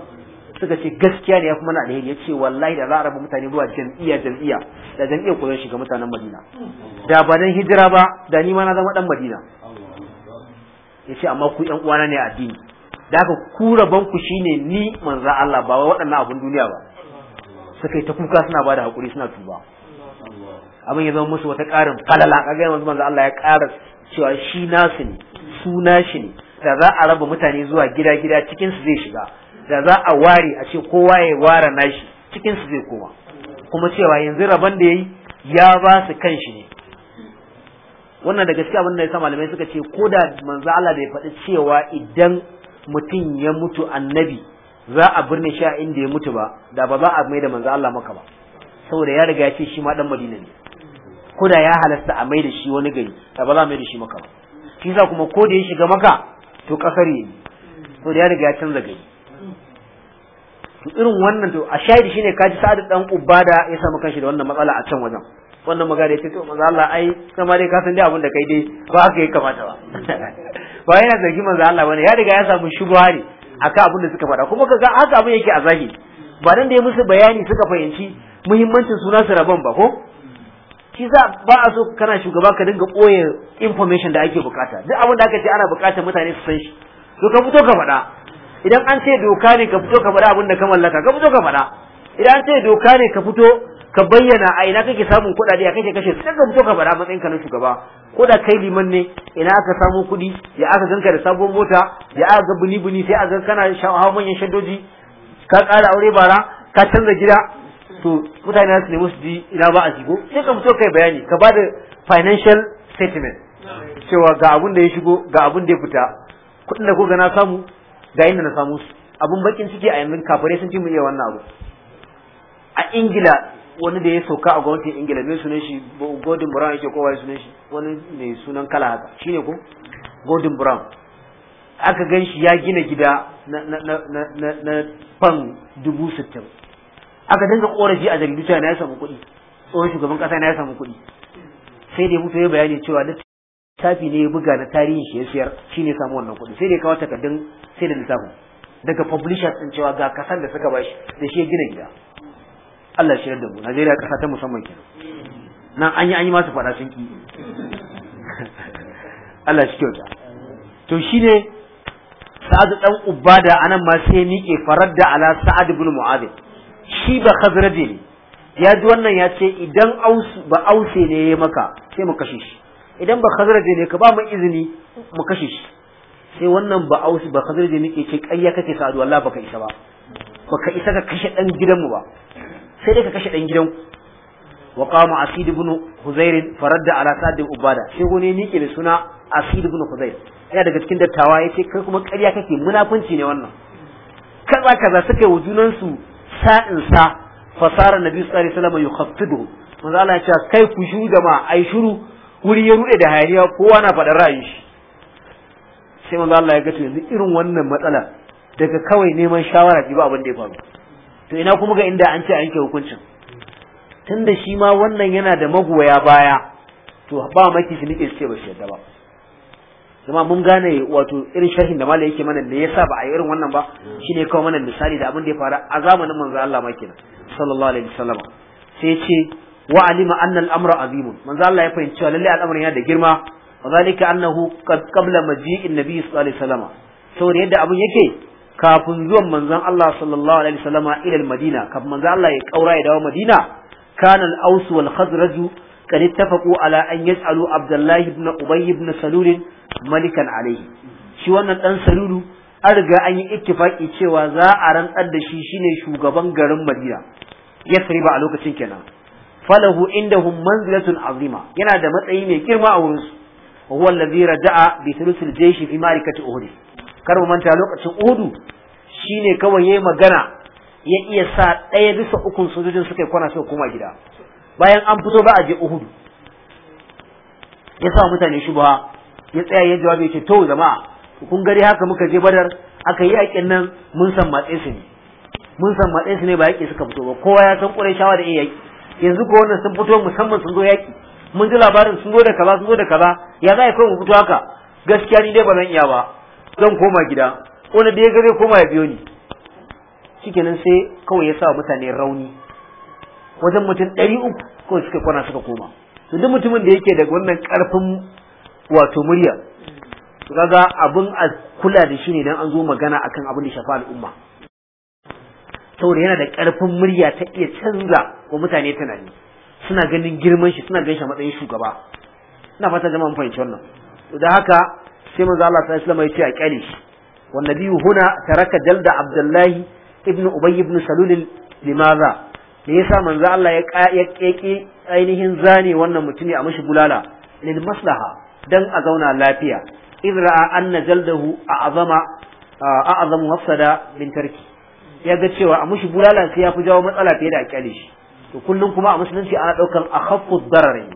suka ce gaskiya ne ya kuma na alheri ce wallahi da za a raba mutane zuwa jam'iyya jam'iyya da jam'iyya ko zan shiga mutanen Madina da ba dan hijira ba da ni ma na zama dan Madina yace amma ku yan uwana ne a addini da haka ku rabon ku shine ni manzo Allah ba wai waɗannan abun duniya ba suka yi ta kuka suna bada hakuri suna tuba abin ya zama musu wata ƙarin falala kaga yanzu manzo Allah ya ƙara cewa shi nasu ne su nashi ne da za a raba mutane zuwa gida-gida cikin su zai shiga da za a ware a ce kowa ya ware nashi cikin su zai koma kuma cewa yanzu rabon da yayi ya ba su kanshi ne wannan da gaskiya abin da ya sa malamai suka ce ko da manzo Allah ya faɗi cewa idan mutum ya mutu annabi za a birne shi a inda ya mutu ba da ba za a mai da manzo Allah maka ba saboda ya riga ya ce shi ma dan Madina ne ko ya halasta a mai da shi wani gari da ba za a mai da shi maka ba shi kuma ko da ya shiga maka to kasar ne to da ya riga ya canza gari to irin wannan to a shahidi shine kaji sa'ad dan da ya samu kanshi da wannan matsala a can wajen wannan magana ya ce to manzo Allah ai kuma dai ka san dai abin da kai dai ba haka yi kamata ba ba yana zargi manzo Allah bane ya riga ya samu shubhari akan abin da suka faɗa kuma ga haka abin yake a zahiri ba dan da ya musu bayani suka fahimci muhimmancin suna su rabon ba ko shi za ba a so kana shugaba ka dinga ɓoye information da ake bukata duk abin da aka ce ana bukatar mutane su san shi to ka fito ka faɗa idan an ce doka ne ka fito ka faɗa abin da ka mallaka ka fito ka faɗa idan an ce doka ne ka fito ka bayyana a ina kake samun kuɗaɗe a kake kashe sai ka fito ka faɗa matsayin ka na shugaba ko da kai liman ne ina aka samu kuɗi ya aka ganka da sabon mota ya aka ga bini bini sai a ga kana hawa manyan shaddoji ka ƙara aure bara ka canza gida to mutane su nemi su ji ina ba a shigo sai ka fito kai bayani ka ba da financial statement cewa ga abun da ya shigo ga abun da ya fita kuɗin da ko ga na samu ga inda na samu su abun bakin ciki a yanzu kafare sun ci mu iya wannan abu a ingila wani da ya sauka a gwamnatin ingila mai sunan shi gordon brown yake kowa ya sunan shi wani mai sunan kala haka ne ko gordon brown aka gan shi ya gina gida na fan dubu sittin aka dinga korafi a jaridu cewa na ya samu kuɗi tsohon shugaban ƙasa na ya samu kuɗi sai da ya mutu ya bayani cewa littafi ne ya buga na tarihin shi ya siyar shi ne samu wannan kuɗi sai da ya kawo takardun sai da littafin daga publishers din cewa ga kasan da suka bashi da shi ya gina gida Allah shi da mu Najeriya kasa ta musamman kenan nan an yi an yi masu fada sun ki Allah shi kyauta to shine Sa'ad dan Ubada anan ma sai miƙe da ala Sa'ad ibn Mu'adh shi ba Khazraji ne ya ji wannan ya ce idan ba ause ne ya maka sai mu kashe shi idan ba Khazraji ne ka ba mu izini mu kashe shi sai wannan ba aushi ba khadir da nake ce ƙarya kake sa'adu ba baka isa ba baka isa ka kashe dan gidanmu ba sai dai ka kashe dan gidan wa qama asid ibn huzair faradda ala sa'd ibn ubada sai gone nike da suna asid ibn huzair yana daga cikin dattawa ya ce kai kuma ƙarya kake munafunci ne wannan kaza kaza suka yi wujunan su sa'in sa fasara nabi sallallahu alaihi wasallam yukhaffidu manzo Allah ya ce kai ku shu a ai shuru wuri ya rude da hayaniya kowa na faɗin ra'ayin shi sai manzo Allah ya ga to yanzu irin wannan matsala daga kawai neman shawara ji ba abin da ya faru to ina kuma ga inda an ce an yanke hukuncin tunda shi ma wannan yana da magoya baya to ba maki shi nake ce ba shi yadda ba kuma mun gane wato irin sharhin da malai yake mana ne yasa ba a yi irin wannan ba shine kawai mana misali da abin da ya faru a zamanin manzo Allah ma kenan sallallahu alaihi wasallam sai ce wa alima anna al-amra azimun manzo Allah ya fahimci cewa lalle al'amarin yana da girma wazalika annahu qabla maji'in nabi sallallahu alaihi wasallama saboda yadda abun yake kafin zuwan manzon Allah sallallahu madina kafin manzon Allah ya kaura ya dawo madina kana al-aus wal khazraj kan ittafaqu ala abdullahi ibn ubay ibn salul malikan alaihi shi wannan dan salulu an riga an yi ittifaki cewa za a rantsar da shi shine shugaban garin madina yasriba a lokacin kenan falahu indahum manzilatun azima yana da matsayi mai girma a wurinsu wa huwa allazi raja'a bi thulusil jayshi fi ma'rikati uhud kar mu manta lokacin uhud shine kawai yayi magana ya iya sa ɗaya bisa uku sojojin suka yi kwana suka kuma gida bayan an fito ba a je uhud ya sa mutane shubha ya tsaya ya jawabi ya ce to jama'a kun gari haka muka je badar aka yi yakin nan mun san matse su ne mun san matse su ne ba yaki suka fito ba kowa ya san kurai shawa da iya yaki yanzu ko wannan sun fito musamman sun zo yaki mun ji labarin sun zo da kaza sun zo da kaza ya za a kai mu fito haka gaskiya ni dai ba zan iya ba zan koma gida wani da ya ga zai koma ya biyo ni shikenan sai kawai ya sa mutane rauni wajen mutum ɗari uku kawai suka kwana suka koma to duk mutumin da yake da wannan karfin wato murya kaga abin a kula da shi ne dan an zo magana akan abin da shafa al'umma saboda yana da karfin murya ta iya canza wa mutane tunani suna ganin girman shi suna ganin shi matsayin shugaba ina fata jama'an fahimci wannan da haka sai manzo Allah sallallahu alaihi wasallam ya ce a kyale shi wan nabiyyu huna taraka jalda abdullahi ibnu ubay ibn salul limaza me yasa manzo Allah ya ya ainihin zane wannan mutumi a mashi bulala lil maslaha dan a zauna lafiya idra'a anna jaldahu a'zama a'zamu mafsada min tarki ya ga cewa a mushi bulala sai ya fi jawo matsala fiye da a kyale shi to kullum kuma a musulunci ana daukan akhaffu darari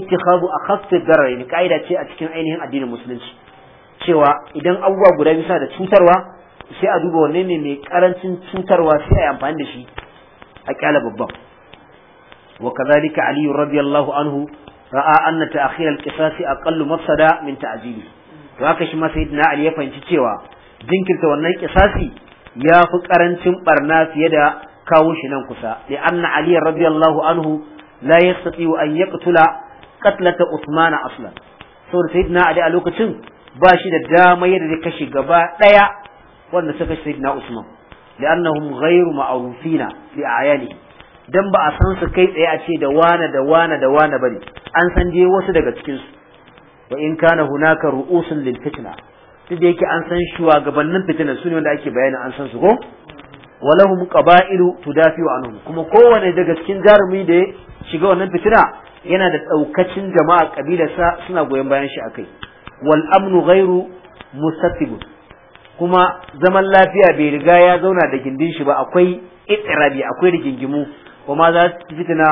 ittikhadu akhaffu darari kaida ce a cikin ainihin addinin musulunci cewa idan abubuwa guda biyu suna da cutarwa sai a duba wanne ne mai karancin cutarwa sai a yi amfani da shi a kyala babban wa kadhalika ali radiyallahu anhu ra'a anna ta'khir al-qisas aqallu mafsada min ta'jili to haka shi ma sayyidina ali ya fahimci cewa jinkirta wannan kisasi ya fi karancin barna fiye da kawo shi nan kusa li anna ali radiyallahu anhu la yastati an yaqtula qatlata usman aslan saboda sayyidina ali a lokacin ba shi da dama yadda zai kashe gaba daya wanda suka kashe sayyidina usman li'annahum ghayru ma'rufina li ayani dan ba a san su kai tsaye a ce da wana da wana da wana bane an san dai wasu daga cikin su wa in kana hunaka ru'usun lil fitna duk da yake an san shugabannin fitinan su ne wanda ake bayani an san su ko walahum qaba'ilu tudafi'u anhum kuma kowane daga cikin jarumi da ya shiga wannan fitina yana da daukacin jama'a kabilarsa suna goyon bayan shi akai wal amnu ghairu mustatibun kuma zaman lafiya bai riga ya zauna da gindin shi ba akwai itirabi akwai rigingimu kuma za su fitina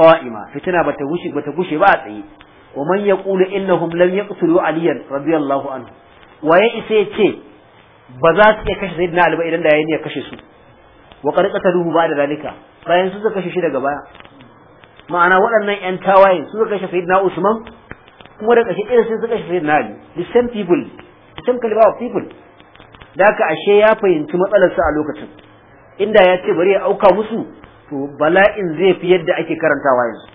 qa'ima fitina bata gushe bata gushe ba a tsaye wa man yaqulu innahum lam yaqtulu aliyan radiyallahu anhu waye isa ce ba za su iya kashe sayyidina ali ba idan da yayin ya kashe su wa qarqata duhu bada da bayan su suka kashe shi daga baya ma'ana waɗannan yan tawaye su suka kashe sayyidina Usman kuma da kashe irin sai suka kashe sayyidina Ali the same people the same caliber of people da haka ashe ya fahimci matsalar sa a lokacin inda ya ce bari ya auka musu to bala'in zai fi yadda ake karantawa yanzu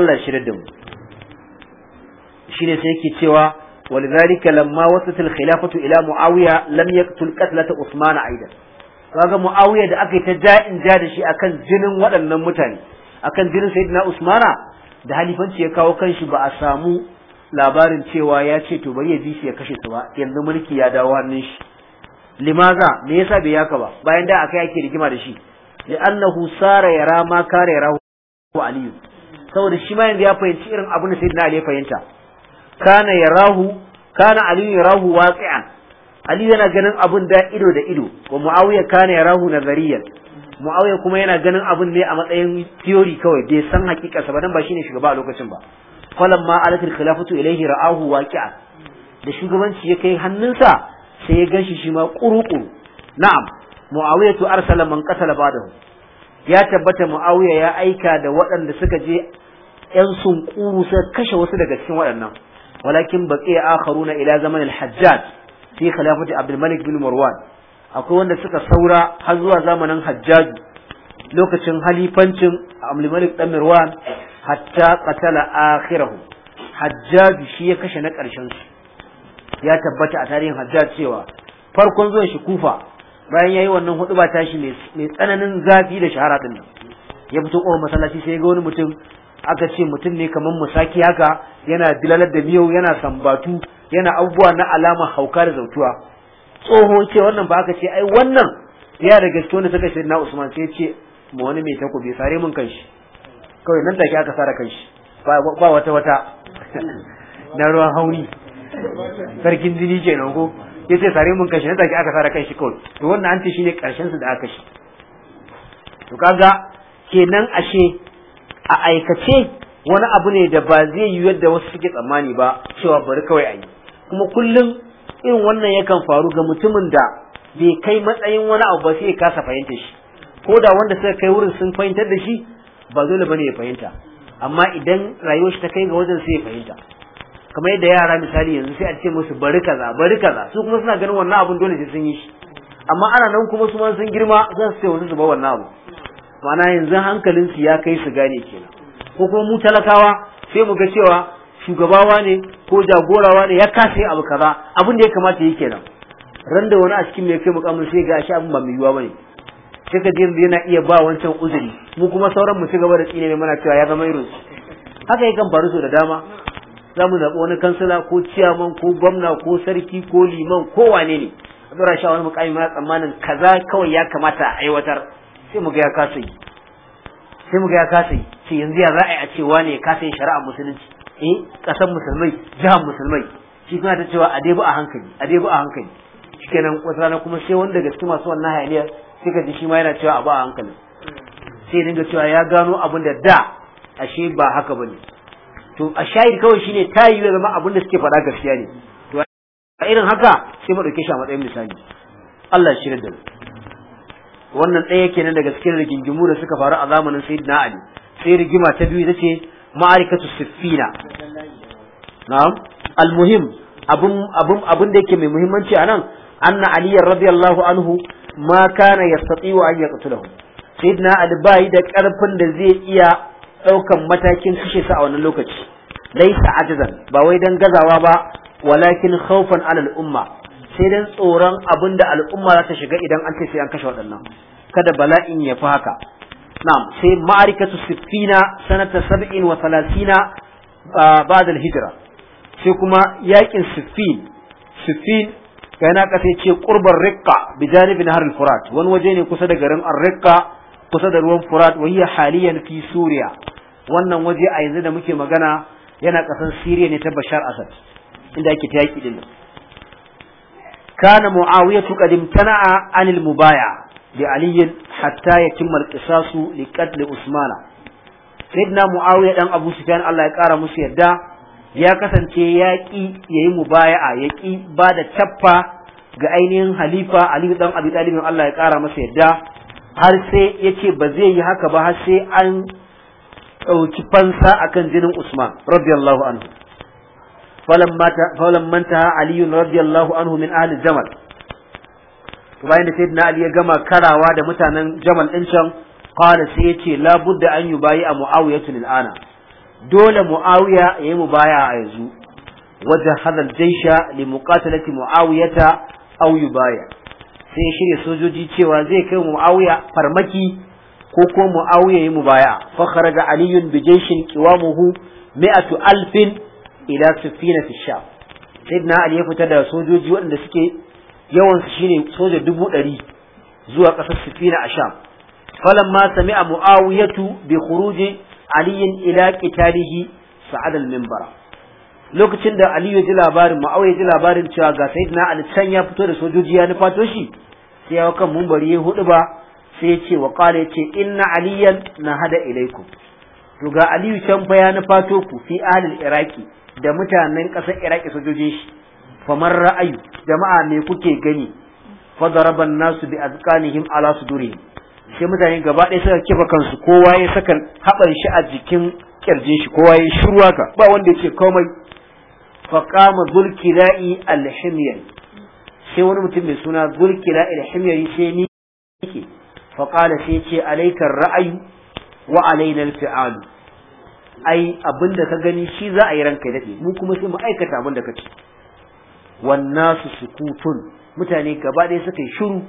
Allah ya shirya da mu shine sai yake cewa ولذلك لما وصلت الخلافة إلى معاوية لم يقتل قتلة عثمان أيضا kaga muawiya da aka yi ta ja'in ja da shi akan jinin waɗannan mutane akan jinin sayyidina usmana da halifanci ya kawo kanshi ba a samu labarin cewa ya ce to bari ya bi shi ya kashe su ba yanzu mulki ya dawo hannun shi limaza me yasa bai yaka ba bayan da akai yake rigima da shi li annahu sara yara ma kare yara wa aliyu saboda shi ma yanzu ya fahimci irin abin da sayyidina ali ya fahimta kana yarahu kana aliyu yarahu waqi'an Ali yana ganin abun da ido da ido wa Muawiya kana yarahu nazariyan Muawiya kuma yana ganin abun ne a matsayin theory kawai bai san hakikarsa ba dan ba shine shugaba a lokacin ba ma alatil khilafatu ilayhi ra'ahu waqi'a da shugabanci ya kai hannunsa sai ya ganshi shi ma kurukuru na'am Muawiya tu arsala man qatala ba'dahu ya tabbata Muawiya ya aika da waɗanda suka je yan sunkuru suka kashe wasu daga cikin waɗannan walakin baqiya akharuna ila zaman al-hajjaj fi khilafati Abdul Malik bin Marwan akwai wanda suka saura har zuwa zamanin Hajjaj lokacin halifancin Abdul Malik dan Marwan hatta qatala akhirahu Hajjaj shi ya kashe na karshen su ya tabbata a tarihin Hajjaj cewa farkon zuwan shi Kufa bayan yayi wannan huduba tashi mai tsananin zafi da shahara din ya fito ƙofar masallaci sai ga wani mutum aka ce mutum ne kamar musaki haka yana dilalar da miyau yana sambatu yana abubuwa na alama hauka da zautuwa tsoho ce wannan ba aka ce ai wannan ya da gaske wanda suka shirya na Usman sai ce ma wani mai takobi sare mun kanshi kawai nan take aka sare kanshi ba wata wata na ruwan hauni sarkin jini nan ko ya ce sare mun kanshi nan take aka sare kanshi kawai to wannan an ce shine karshen su da aka shi to kaga kenan ashe a aikace wani abu ne da ba zai yi yadda wasu suke tsammani ba cewa bari kawai a yi kuma kullum irin wannan yakan faru ga mutumin da bai kai matsayin wani abu ba sai ya kasa fahimta shi ko da wanda suka kai wurin sun fahimtar da shi ba dole bane ya fahimta amma idan rayuwar shi ta kai ga wajen sai ya fahimta kamar yadda yara misali yanzu sai a ce musu bari kaza bari kaza su kuma suna ganin wannan abun dole sai sun yi shi amma ana nan kuma su ma sun girma za su sai wani su ba wannan abu ma'ana yanzu hankalin su ya kai su gane kenan ko kuma mu talakawa sai mu ga cewa shugabawa ne ko jagorawa ne ya kasa yin abu kaza abin da ya kamata yi kenan ran da wani a cikin mai kai mukamin sai ga shi abin ba mai yiwuwa bane sai ka jin yana iya ba wancan uzuri mu kuma sauran mu ci gaba da tsine mai mana cewa ya zama irin haka yakan faru so da dama za mu zaɓi wani kansila ko ciyaman ko gwamna ko sarki ko liman ko wane ne a ɗora shi a wani mukami mana tsammanin kaza kawai ya kamata a aiwatar sai mu ga ya kasa yi sai mu ga ya kasa yi sai yanzu ya za a yi a ce wane ya kasa yin shari'a musulunci eh kasan musulmai jihar musulmai shi kuma ta cewa a a hankali a a hankali shikenan wata rana kuma sai wanda daga cikin masu wannan hayaniyar sai ka ji shi ma yana cewa a a hankali sai dinga cewa ya gano abin da da ashe ba haka bane to a shahid kawai shine tayi yi zama abin da suke faɗa gaskiya ne to a irin haka sai mu ɗauke shi a matsayin misali Allah shi da wannan ɗaya kenan daga cikin rigingimu da suka faru a zamanin sayyidina Ali sai rigima ta biyu ita ce ma'arikatu siffina na'am almuhim abun abun abun da yake mai muhimmanci anan anna ali radiyallahu anhu ma kana yastati'u an yaqtulahu sayyidina ali bai da karfin da zai iya daukan matakin kashe sa a wannan lokaci laisa ajizan ba wai dan gazawa ba walakin khawfan ala umma sai dan tsoron abin da al'umma za ta shiga idan an ce sai an kashe waɗannan kada bala'in ya fi haka na'am sai ma'arikatu sifina sanata wa salasina al hijira. sai kuma yakin siffin sifin ga yana kasa ce qurbar riqqa bi janibin har furat wani waje ne kusa da garin ar kusa da ruwan furat wa hiya haliyan fi suriya wannan waje a yanzu da muke magana yana kasan siriya ne ta bashar asad inda ake ta yaki din kana muawiyatu qad imtana'a anil mubaya da aliyin hatta ya kimmar kisasu li usmana sayyidina muawiya dan abu sufyan Allah ya kara musu yadda ya kasance ya ki yayi mubaya'a ya ki ba da tappa ga ainihin halifa ali dan abi ya kara masa yadda har sai yace ba zai yi haka ba har sai an ɗauki fansa akan jinin usman radiyallahu anhu falamma falamma ta ali radiyallahu anhu min ahli jamal to bayan da sayyidina ali ya gama karawa da mutanen jamal din can qala sai yace la budda an yubayi a muawiyatu lil ana dole muawiya yayi mubaya a yanzu wajen hadal jaysha li muqatalati muawiyata aw yubaya sai shirya sojoji cewa zai kai muawiya farmaki ko ko muawiya yayi mubaya fa kharaja aliyun bi jayshin qiwamuhu mi'atu alfin ila sufina fi sha, sayyidina ali ya fita da sojoji waɗanda suke yawansu shine soja dubu ɗari zuwa ƙasar sifina a sham sami a mu'awiyatu bi khuruji aliyin ila qitalihi sa'ad al-minbara lokacin da aliyu ji labarin mu'awiya ji labarin cewa ga sayyidina ali can ya fito da sojoji ya nufato shi sai ya kan munbari ya hudu ba sai ya ce wa qala ya ce inna aliyan na hada ilaikum to ga aliyu can fa ya nufato ku fi ahlil iraki da mutanen ƙasar iraki sojojin shi famar ra'ayu jama'a me kuke gani fa daraban nasu bi azqanihim ala sudurihim sai mutane gaba ɗaya suka kifa kansu kowa ya saka haɓar shi a jikin kirjin shi kowa ya shirwa ka ba wanda yake komai fa qama zulkirai alhimyan sai wani mutum mai suna zulkirai alhimyan sai ni yake fa qala sai ce alaikar ra'ayu wa alaina alfi'alu ai abinda ka gani shi za a yi ranka dade mu kuma sai mu aikata abinda ka ce wannasu sukutun mutane gaba ɗaya suka yi shuru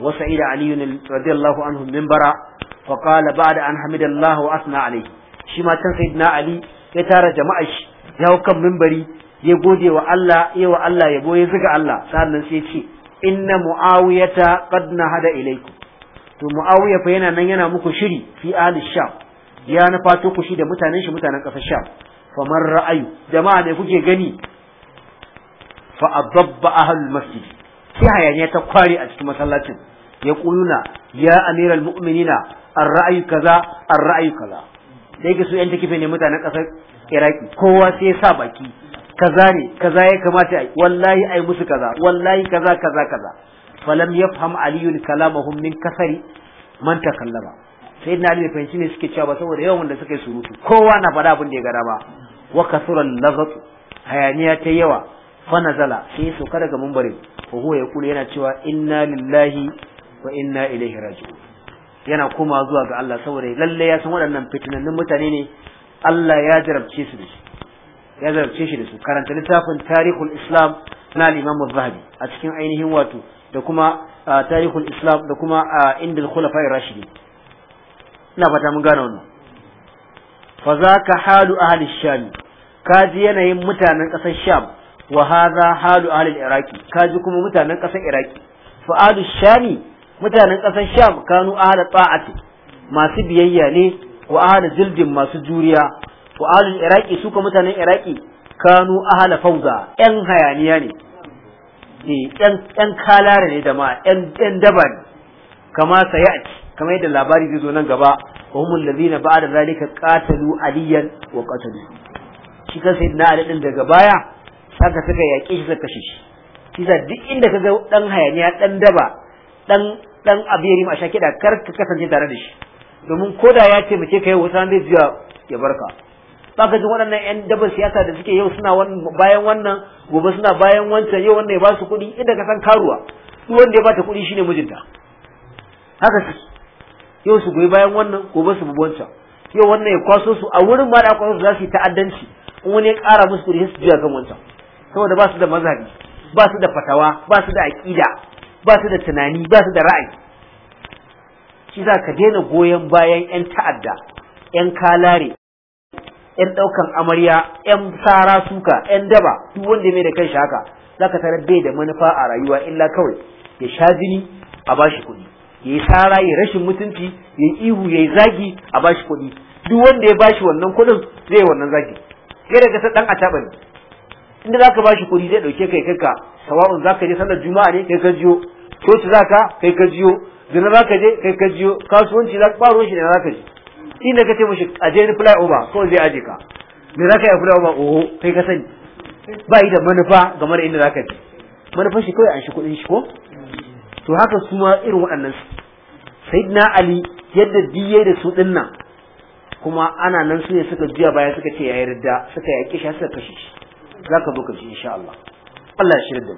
wa sa'ida anhu min bara ba'da an hamidallahu wa shi ma ali ya tara jama'a shi ya ya gode wa Allah ya Allah ya goye zuga Allah sannan sai ce inna muawiyata qad nahada ilaykum to muawiya yana nan yana muku shiri fi sham ya na ku shi da mutanen shi mutanen kasar sham fa ra'ayu jama'a ne kuke gani fa adabba ahlul masjid sai hayaniya ta kware a cikin masallacin yaquluna ya amiral mu'minina ar ra'ayi kaza ar ra'ayi kaza sai ga su yan ne mutanen kasar iraki kowa sai ya sa baki kaza ne kaza ya kamata ai wallahi ai musu kaza wallahi kaza kaza kaza falam yafham aliyun kalamahum min kasari man takallama sai na ali fahimci ne suke cewa saboda yawan wanda suka yi surutu kowa na faɗa abin da ya gara ba wa kasura lazatu hayaniya ta yawa fanazala sun sai ya sauka daga mumbarin fa ya yaqulu yana cewa inna lillahi wa inna ilaihi raji'un yana koma zuwa ga Allah saboda lalle ya san waɗannan fitinannun mutane ne Allah ya jarabce su da ya shi da su karanta littafin tarihul islam na al-imam zahabi a cikin ainihin wato da kuma tarihul islam da kuma inda al-khulafa ar-rashidin ina fata mun gane wannan fa zaka halu ahli sham kaji yanayin mutanen ƙasar sham wa hadha halu ahli iraqi kaji kuma mutanen kasar iraki fu'adu shami mutanen kasar sham kanu ahli ta'ati masu biyayya ne wa ahli jildin masu juriya wa ahli iraqi su kuma mutanen iraki kanu ahli fauza yan hayaniya ne eh yan yan kalare ne da ma yan yan daba ne kama sayati kama yadda labari zai zo nan gaba wa humul ladina ba'da zalika qatalu aliyan wa qatalu shi kan sayyidina ali din daga baya haka suka yaƙe shi suka kashe shi kisa duk inda ka ga dan hayaniya dan daba dan dan abiyari ma da kar ka kasance tare da shi domin ko da ya ce yi kai wata zai zuwa ya barka ka ji waɗannan yan daba siyasa da suke yau suna bayan wannan gobe suna bayan wancan yau wannan ya ba su kuɗi inda ka san karuwa duk wanda ya bata kuɗi shine mijinta haka su yau su goyi bayan wannan gobe su bi wancan yau wannan ya kwaso su a wurin ma da kwaso su za su yi ta'addanci in wani ya ƙara musu kuɗi su juya kan wancan saboda ba su da mazhabi ba su da fatawa ba su da aƙida ba su da tunani ba su da ra'ayi shi za ka daina goyon bayan 'yan ta'adda 'yan kalare 'yan ɗaukan amarya 'yan sara suka 'yan daba duk wanda mai da kanshi haka za ka tarar bai da manufa a rayuwa illa kawai ya sha jini a bashi kuɗi ya yi sara ya rashin mutunci ya yi ihu ya yi zagi a bashi kuɗi duk wanda ya bashi wannan kuɗin zai wannan zagi sai daga ta ɗan a taɓa ne inda zaka bashi kuɗi zai dauke kai ka sawa'un zaka je sallar juma'a ne kai ka jiyo coci zaka kai ka jiyo zina zaka je kai ka jiyo kasuwanci zaka ba ruwan shi ne zaka je inda ce mishi aje ni fly over ko zai aje ka me zaka yi fly over oho kai ka sani ba yi da manufa game da inda zaka je manufar shi kawai an shi kuɗin shi ko to haka su ma irin waɗannan na ali yadda diye da su nan kuma ana nan su ne suka juya baya suka ce ya yarda suka yaƙi shi suka kashe shi za ka zo ka ji insha ya shirya da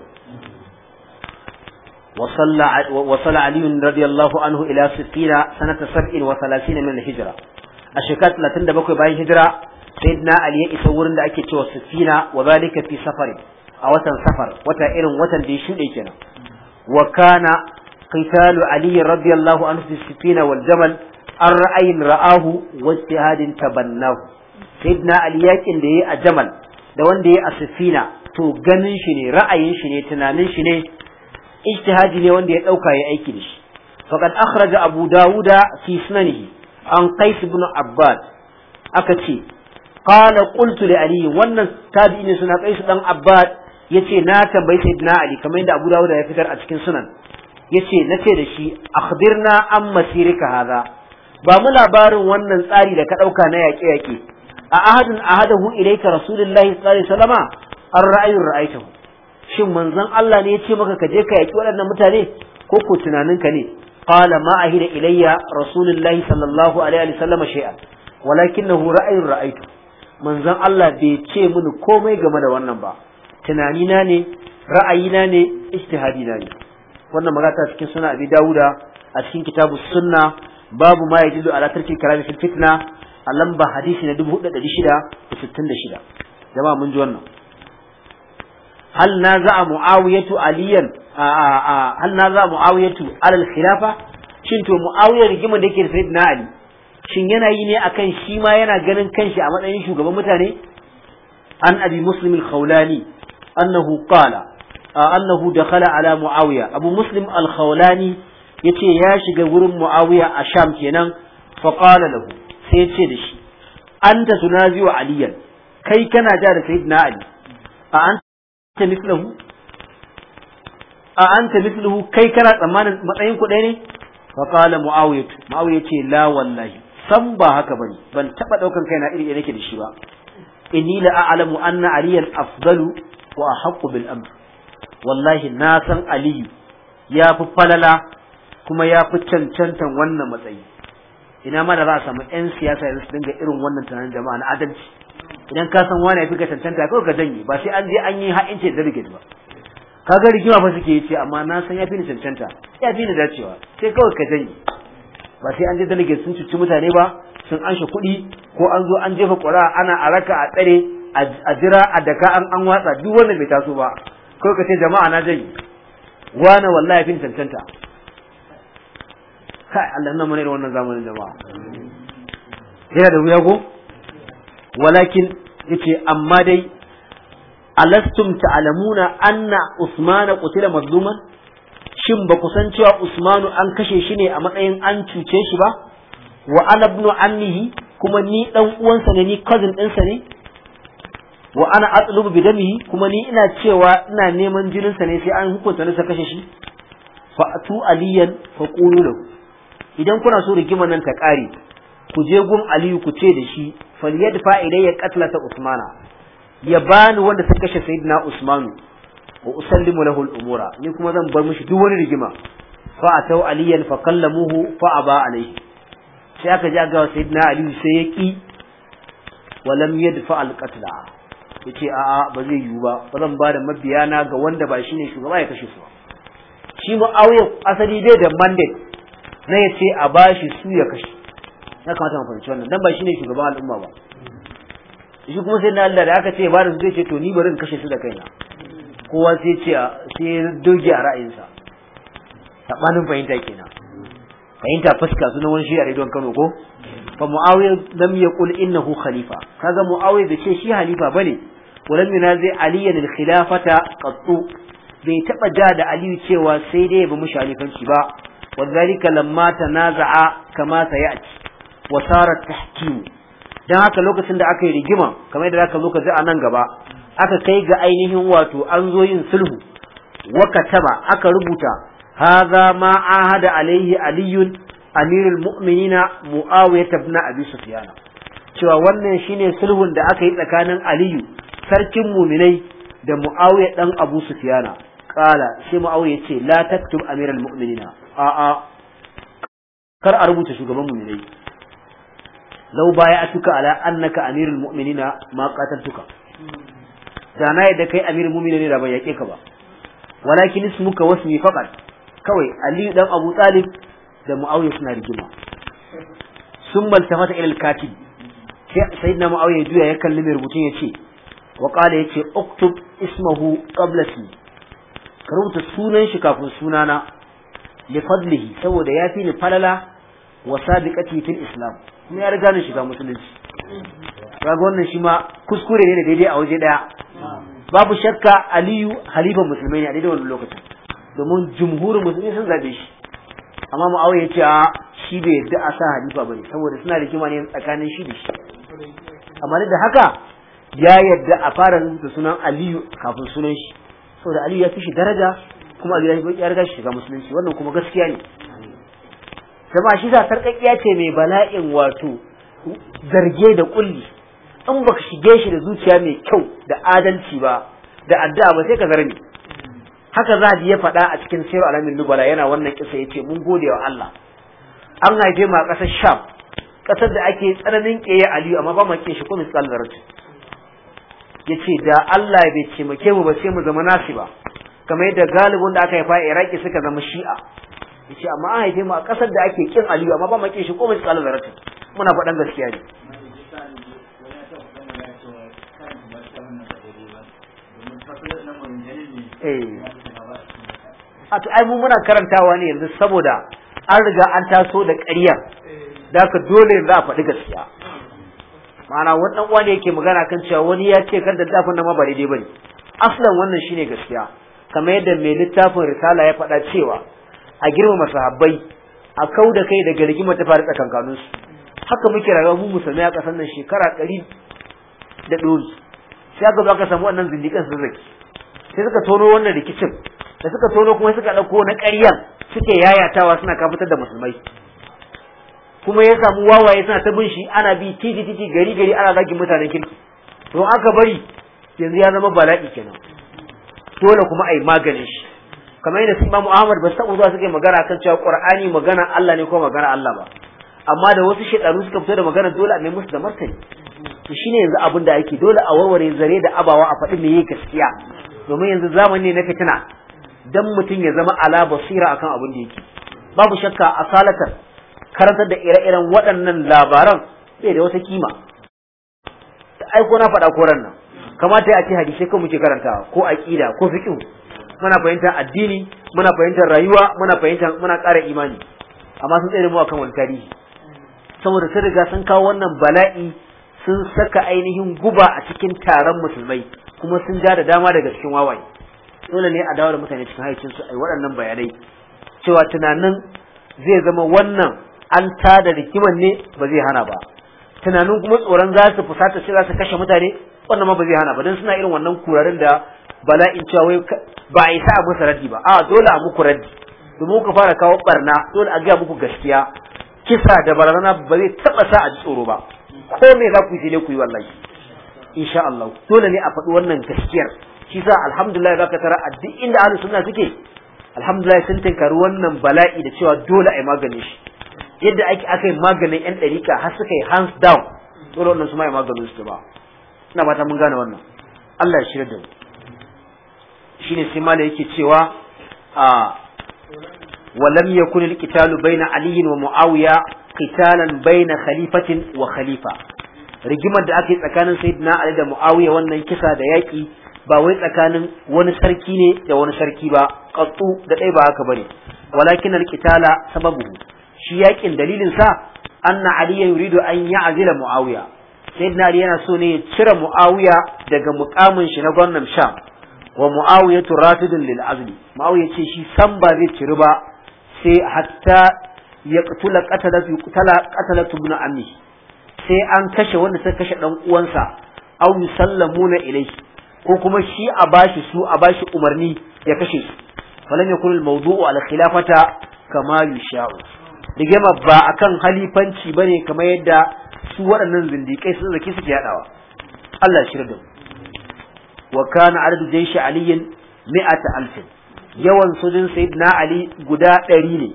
mu wa salla ali radiyallahu anhu ila Sifina sanata sab'in wa thalathin min hijra a shekara 37 bayan hijira sai ali ya isa wurin da ake cewa sittina wa zalika fi safari a watan safar wata irin watan da ya shuɗe kenan wa kana قتال علي رضي الله عنه في ta والجمل الرأي رآه واجتهاد تبناه سيدنا yi a Jamal. da wanda ya asifina to ganin shi ne ra'ayin shi ne tunanin shi ne ijtihadi ne wanda ya dauka ya aiki da shi faqad akhraja abu dawuda fi sunanihi an qais ibn abbad aka ce qala qultu li ali wannan tabi'i ne suna qais dan abbad yace na tambayi sayyidina ali kamar yadda abu dawuda ya fitar a cikin sunan yace nace da shi akhbirna an masirika hadha ba mu labarin wannan tsari da ka dauka na yaƙe-yaƙe a ahadin ahadahu ilayka rasulullahi sallallahu alaihi wasallama ar ra'ayu ra'aytahu shin manzon Allah ne ya ce maka ka je ka yaki waɗannan mutane ko ko tunaninka ne qala ma ahida ilayya rasulullahi sallallahu alaihi wasallama shay'an walakinahu ra'ayun ra'aytu manzon Allah bai ce mini komai game da wannan ba tunanina ne ra'ayina ne ijtihadina ne wannan magana cikin suna abi dauda a cikin kitabu sunna babu ma yajidu ala tarki kalami fil fitna a lamba hadisi na 4666 jama'a mun ji wannan hal naza'a muawiyatu aliyan hal naza'a muawiyatu alal khilafa shin to muawiya rigimar da yake da sayyidina ali shin yana yi ne akan shi ma yana ganin kanshi a matsayin shugaban mutane an abi muslim al-khawlani annahu qala annahu dakhala ala muawiya abu muslim al-khawlani yace ya shiga wurin muawiya a sham kenan fa qala lahu sai ce da shi anta tunazi wa aliyan kai kana ja da sayyidina ali a an mislahu a mislahu kai kana tsammanin matsayin ku ɗaya ne fa qala muawiya muawiya ce la wallahi san ba haka bane ban taba daukan kaina iri nake da shi ba inni la a'lamu anna aliyan afdalu wa ahqqu bil amr wallahi na san aliyu ya fi falala kuma ya fi cancantan wannan matsayi ina ma da za a samu yan siyasa yanzu su dinga irin wannan tunanin jama'a na adalci idan ka san wani fi ka cancanta kawai ka janye ba sai an je an yi ce da rigid ba ka ga rigima fa suke yi ce amma na san ya fi ni cancanta ya fi ni dacewa sai kawai ka janye ba sai an je rigid sun cuci mutane ba sun anshe kuɗi ko an zo an jefa ƙura ana a raka a tsare a jira a daka an an watsa duk wannan bai taso ba kawai ka ce jama'a na janye wani wallahi fi ni cancanta kai Allah nan mana da wannan zamanin jama'a yana da wuya go walakin yace amma dai alastum ta'lamuna anna Usman, qutila mazluman shin ba ku san cewa usmanu an kashe shi ne a matsayin an cuce shi ba wa ana ibnu ammihi kuma ni dan uwansa ne ni cousin ɗinsa ne wa ana atlubu bi kuma ni ina cewa ina neman jininsa ne sai an hukunta ne sa kashe shi fa atu aliyan fa qulu lahu idan kuna so rigima nan ta ƙare ku je gun aliyu ku ce da shi falyadfa ilayya qatlata usmana ya bani wanda suka kashe sayyidina usmanu wa usallimu lahu al-umura ni kuma zan bar mishi duk wani rigima fa atau aliyan fa kallamuhu fa aba alayhi sai aka ji ga sayyidina ali sai ya ki wa lam yadfa al-qatl yace a a ba zai yiwu ba ba zan ba da mabiyana ga wanda ba shine shugaba ya kashe su shi mu asali dai da mandate na ya ce a bashi su ya kashe na kamata mu fahimci wannan dan ba shine shugaban al'umma ba shi kuma sai na Allah da aka ce ba da su zai ce to ni bari in kashe su da kaina kowa sai ce sai doge a ra'ayinsa sabanin fahimta kenan fahimta fuska suna wani shi a rediyon Kano ko fa Muawiya lam yaqul innahu khalifa kaga Muawiya da ce shi halifa bane walam yunazi aliyan da khilafata qattu bai taba da da aliyu cewa sai dai ba mu mushi ba وذلك لما تنازع كما سيأتي وصار التحكيم dan haka lokacin da aka yi rigima kamar yadda zaka zo ka ji a nan gaba aka kai ga ainihin wato an zo yin sulhu wa kataba aka rubuta hadha ma ahada alaihi aliyun amirul mu'minina muawiyah ibn abi sufyan cewa wannan shine sulhun da aka yi tsakanin aliyu sarkin muminai da muawiyah dan abu sufyan qala sai muawiyah ce la taktub amirul mu'minina a'a kar a rubuta shugaban dai. lau baya atuka ala annaka amirul mu'minina ma qataltuka da na yadda kai amirul mu'minina da ban yake ka ba walakin ismuka wasmi faqat kawai ali dan abu talib da muawiya suna rigima summa altafata ila al-katib sayyidina muawiya juya ya kalli mai rubutun yace wa qala yace uktub ismahu qablati ka rubuta sunan shi kafin sunana li fadlihi saboda ya fi ni falala wa sabiqati fil islam kuma ya riga ni shiga musulunci kaga wannan shi ma kuskure ne da daidai a waje daya babu shakka aliyu halifan musulmai ne a daidai wannan lokacin domin jumhurin musulmi sun zabe shi amma mu'awiya ya ce a shi bai yadda a sa halifa bane saboda suna da kima ne tsakanin shi da shi amma da haka ya yadda a fara da sunan aliyu kafin sunan shi saboda aliyu ya fi shi daraja kuma a gidan ya riga shiga musulunci wannan kuma gaskiya ne jama'a shi za sarƙaƙiya ce mai bala'in wato zarge da kulli in ba ka shige shi da zuciya mai kyau da adalci ba da addu'a ba sai ka zarni haka za zaji ya faɗa a cikin sayar alamin lubala yana wannan kisa ya ce mun gode wa Allah an haife ma a ƙasar sham ƙasar da ake tsananin ƙeya aliyu amma ba mu ƙe shi ko misal ya ce da Allah bai ce mu ba sai mu zama nasi ba kamar yadda galibin da aka haifa a iraki suka zama shi'a yace amma an haife mu a kasar da ake kin aliyu amma ba mu kin shi ko mu tsala zaratin muna faɗan gaskiya ne eh. a to ai mu muna karantawa ne yanzu saboda an riga an taso da ƙaryar da ka dole za a faɗi gaskiya ma'ana wani uwa ne yake magana kan cewa wani ya ce kar da dafin na ma ba daidai bane aslan wannan shine gaskiya kamar yadda mai littafin risala ya faɗa cewa a girmama sahabbai a kau da kai daga rigimar ta faru tsakankanin su haka muke rayuwa mu musulmai a ƙasar nan shekara ɗari da ɗori sai aka zo aka samu wannan zindiƙan sun zaki sai suka tono wannan rikicin da suka tono kuma suka ɗauko na ƙaryan suke yayatawa suna kafitar da musulmai kuma ya samu wawaye suna ta bin shi ana bi titi titi gari gari ana zagin mutanen kirki don aka bari yanzu ya zama bala'i kenan dole kuma a yi maganin shi kamar yadda Imam Ahmad ba su taɓa zuwa suka yi magana kan cewa Qur'ani magana Allah ne ko magana Allah ba amma da wasu shedaru suka fito da magana dole a mai musu da martani to shine yanzu abin da ake dole a warware zare da abawa a faɗi meye gaskiya domin yanzu zamani ne na fitina dan mutum ya zama ala basira akan abin da yake babu shakka a salatar karantar da ire-iren waɗannan labaran bai da wata kima ai aiko na faɗa koran nan kamata a ce hadisi kan muke karanta ko aqida ko fiqh muna fahimtar addini muna fahimtar rayuwa muna fahimtar muna ƙara imani amma sun tsere mu akan wani tarihi saboda sun riga sun kawo wannan bala'i sun saka ainihin guba a cikin taron musulmai kuma sun ja da dama daga cikin wawaye dole ne a dawo da mutane cikin haicinsu a ai waɗannan bayanai cewa tunanin zai zama wannan an tada rikiman ne ba zai hana ba tunanin kuma tsoron za su fusata sai za su kashe mutane wannan ma ba zai hana ba dan suna irin wannan kurarin da bala'in cewa wai ba a isa a musu raddi ba a dole a muku raddi domin ka fara kawo barna dole a gaya muku gaskiya kisa da barna ba zai taba sa a ji tsoro ba ko me za ku yi sai ku yi wallahi insha Allah dole ne a faɗi wannan gaskiyar shi sa alhamdulillah zaka tara a duk inda ahlus sunna suke alhamdulillah sun tinkari wannan bala'i da cewa dole a yi maganin shi yadda ake aka maganin yan ɗarika har suka yi hands down dole wannan su ma yi maganin su ba ina fata mun gane wannan Allah ya shirya da mu shine sai mala yake cewa a ولم يكن wa بين علي ومعاوية قتالا Khalifatin wa Khalifa, rigimar da aka yi tsakanin sayyidina Ali da Muawiya wannan kisa da yaƙi ba wai tsakanin wani sarki ne da wani sarki ba qattu da dai ba haka bane walakin al-qitala sababu shi yaƙin dalilin sa anna Ali yuridu an ya'zila Muawiya sayyidina ali yana so ne ya cire muawiya daga mukamin shi na gwamnan sham wa muawiya ratidun lil azli muawiya ce shi san ba zai ciri ba sai hatta ya qatala qatala ibn ammi sai an kashe wanda suka kashe dan uwansa aw yusallamuna ilayhi ko kuma shi a bashi su a bashi umarni ya kashe su ya yakun al mawdu'u al khilafata kama yusha'u digema ba akan halifanci bane kamar yadda su waɗannan zindiƙai sun zaki suke yaɗawa Allah shirya da wa kana adadu jaishi aliyin mi'ata alfin yawan sojin sayyidina ali guda ɗari ne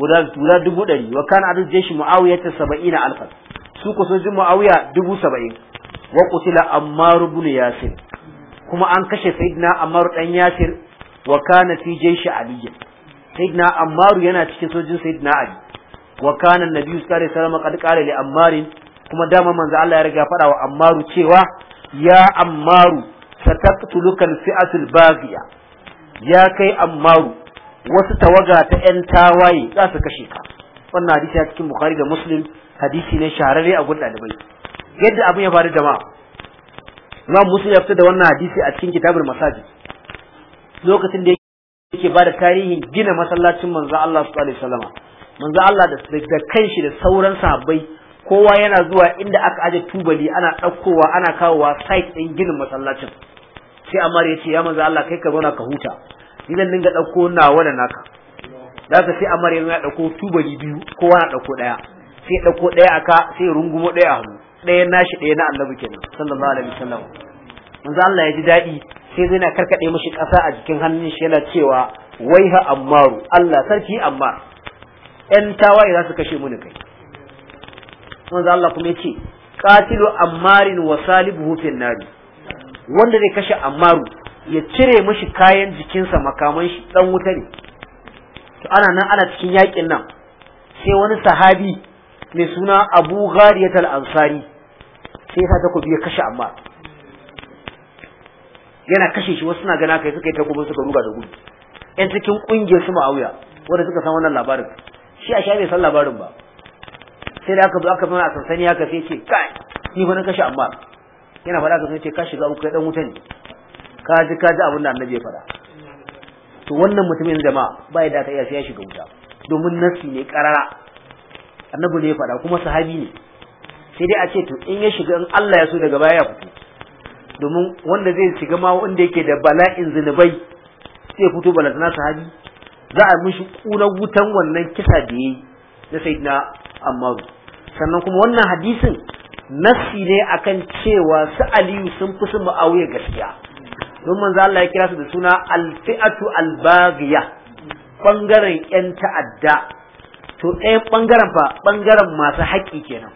guda guda dubu ɗari wa kana adadu jaishi muawiya ta saba'ina alfan su ku sojin muawiya dubu saba'in wa qutila ammaru ibn yasir kuma an kashe sayyidina ammaru dan yasir wa kana fi jaishi aliyin sayyidina ammaru yana cikin sojin sayyidina ali wa kana annabi sallallahu alaihi wasallam qad qala li ammar kuma dama manzo Allah ya riga fada wa ammaru cewa ya ammaru sataqtuluka alfi'atul baghiya ya kai ammaru wasu tawaga ta yan tawaye za su kashe ka wannan hadisi a cikin bukhari da muslim hadisi ne shahararre a gudan dalibai yadda abin ya faru jama'a na musu ya fita da wannan hadisi a cikin kitabul masajid lokacin da yake ba da tarihin gina masallacin manzo Allah sallallahu alaihi wasallam manzo Allah da da kanshi da sauran sahabbai kowa yana zuwa inda aka aje tubali ana ɗaukowa ana kawowa site ɗin ginin masallacin sai Ammar ya ce ya manzo Allah kai ka zauna ka huta ni zan dinga ɗauko nawa da naka za ka sai Ammar ya ɗauko tubali biyu kowa na ɗauko ɗaya sai ɗauko ɗaya aka sai rungumo ɗaya a hannu ɗaya nashi ɗaya na Allah kenan sallallahu alaihi wasallam manzo Allah ya ji daɗi sai zai na karkaɗe mashi ƙasa a jikin hannun shi yana cewa waiha ammaru Allah sarki Ammaru 'yan tawaye za su kashe muni kai wanda Allah kuma ce. qatilu ammarin wa salibuhu fil nari wanda zai kashe ammaru ya cire mishi kayan jikinsa makaman shi dan wuta ne to ana nan ana cikin yakin nan sai wani sahabi mai suna Abu Ghariyat al-Ansari sai ya takobi ya kashe amma. yana kashe shi wasu na gana kai suka yi takobin suka ruga da gudu yan cikin kungiyar su ma'auya wanda suka san wannan labarin shi a sha bai san labarin ba sai da aka zo aka zama a sansani haka sai ce kai ni fa na kashe amma yana faɗa ka sai ce ka shiga uku kai dan wuta ne ka ji ka ji abin da annabi ya faɗa to wannan mutumin jama'a bai da ka iya sai ya shiga wuta domin nasi ne karara annabi ne ya faɗa kuma sahabi ne sai dai a ce to in ya shiga in Allah ya so daga baya ya fito domin wanda zai shiga ma wanda yake da bala'in zinubai sai fito balantana sahabi za a mishi ƙunar wutan wannan kisa da yi na na Ammar sannan kuma wannan hadisin nassi ne akan cewa su Aliyu sun fi su Muawiya gaskiya don manzo Allah ya kira su da suna alfi'atu fiatu ɓangaren yan ta'adda to ɗaya bangaren fa bangaren masu haƙƙi kenan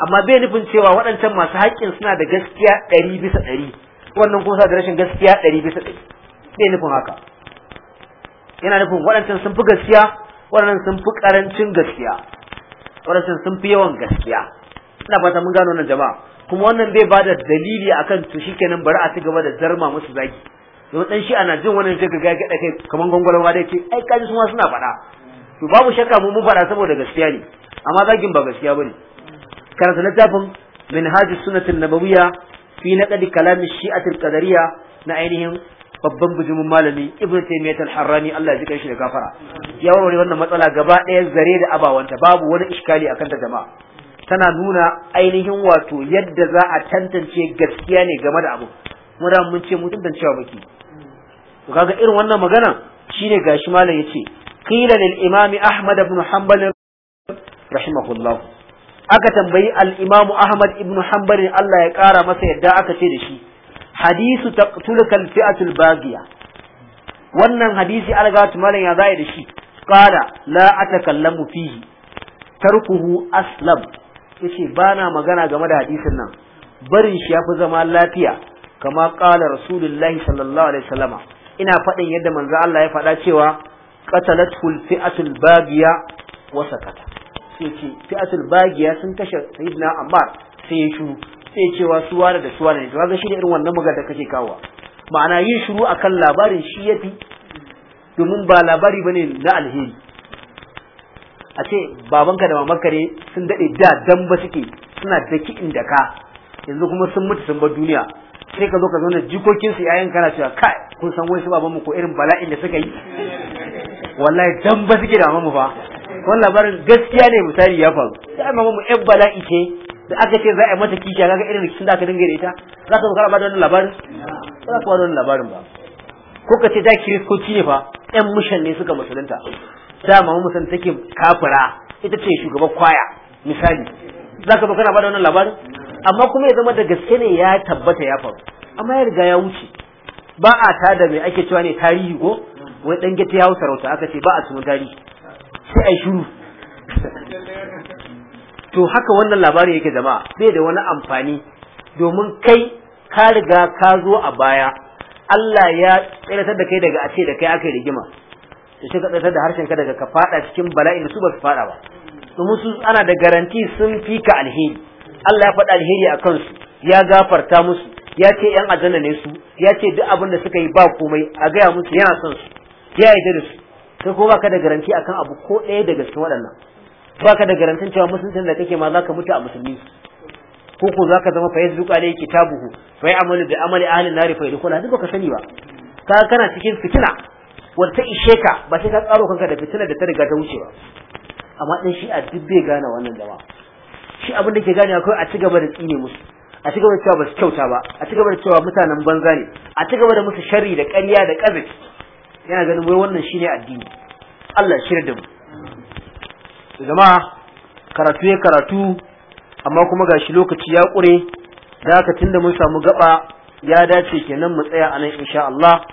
amma bai nufin cewa waɗancan masu haƙƙin suna da gaskiya ɗari bisa ɗari wannan kuma suna da rashin gaskiya ɗari bisa ɗari bai nufin haka yana nufin waɗancan sun fi gaskiya waɗannan sun fi ƙarancin gaskiya waɗancan sun fi yawan gaskiya ina fata mun gano wannan jama'a kuma wannan bai bada dalili akan to shikenan bari a ci gaba da zarma musu zagi domin dan shi ana jin wannan sai ga gaya da kai kaman gongolan wada ce ai kaji su suna faɗa to babu shakka mu mu faɗa saboda gaskiya ne amma zagin ba gaskiya bane karanta littafin minhaj sunnatin nabawiyya fi naqdi kalam shi'atil qadariyya na ainihin babban bijimin malami ibnu taymiyyah al-harrani Allah ya jikan shi da gafara ya warware wannan matsala gaba ɗaya zare da abawanta babu wani iskali akan ta jama'a tana nuna ainihin wato yadda za a tantance gaskiya ne game da abu mu da mun ce mu tantancewa baki to kaga irin wannan magana shine gashi malam yace qila lil imami ahmad ibn hanbal rahimahullah aka tambayi al imam ahmad ibn hanbal Allah ya kara masa yadda aka ce da shi hadisu taqtulukal fi'atul baghiya wannan hadisi algatu malam ya zai da shi qala la atakallamu fihi tarkuhu aslam yace bana magana game da hadisin nan barin shi yafi zama lafiya kama qala rasulullahi sallallahu alaihi wasallama ina faɗin yadda manzo Allah ya faɗa cewa qatalatu fi'atul baghiya wa sakata sai fi'atul sun kashe sayyidina Ammar sai ya shuru sai cewa suwa da suwa ne to kaga shi ne irin wannan magana da kake kawo ma'ana yin shiru akan labarin shi yafi domin ba labari bane na alheri a ce babanka da mamanka ne sun dade da dan ba suke suna daki inda ka yanzu kuma sun mutu sun bar duniya sai ka zo ka zauna jikokin su yayin kana cewa kai kun san wai su baban mu ko irin bala'in da suka yi wallahi dan ba suke da mamu fa wannan labarin gaskiya ne misali ya faru sai mamanmu yan bala'i ce da aka ce za a yi mata kishiya kaga irin rikicin da aka dinga da ita za ka zo kana ba da wani labarin ba za ka ba da wani labarin ba ko ka ce da kiristoci ne fa yan mishan ne suka musulunta da mamu musan take kafira ita ce shugaban kwaya misali za ka zo kana ba da wani labarin amma kuma ya zama da gaske ne ya tabbata ya faru amma ya riga ya wuce ba a ta da mai ake cewa ne tarihi ko wani dan gete ya hausa rauta aka ce ba a tuma tarihi sai a yi shuru. to haka wannan labarin yake jama'a bai da wani amfani domin kai ka riga ka zo a baya Allah ya tsiratar da kai daga a ce da kai aka yi rigima to sai ka tsiratar da harshen ka daga ka fada cikin balai da su ba su fada ba domin su ana da garanti sun fi ka alheri Allah ya faɗa alheri a kansu ya gafarta musu ya ce yan aljanna ne su ya ce duk abin da suka yi ba komai a gaya musu yana son su ya yi da su sai ko baka da garanti akan abu ko ɗaya daga cikin waɗannan baka da garantin cewa musulmin da kake ma ka mutu a musulmi ko ko zaka zama fa yazdu qale kitabuhu fa ya'malu bi amali ahli nari fa yadkhula duk baka sani ba ka kana cikin fitina wanda ta ishe ka ba sai ka tsaro kanka da fitina da ta riga ta wuce ba amma dan shi a duk bai gane wannan jama'a shi abin da ke gane akwai a ci gaba da tsine musu a ci gaba da cewa ba su kyauta ba a ci gaba da cewa mutanen banza ne a ci gaba da musu sharri da ƙarya da ƙazafi yana ganin wai wannan shine addini Allah shirya da mu to jama'a karatu ya karatu amma kuma ga shi lokaci ya ƙure da tun da mun samu gaba ya dace kenan mu tsaya anan insha Allah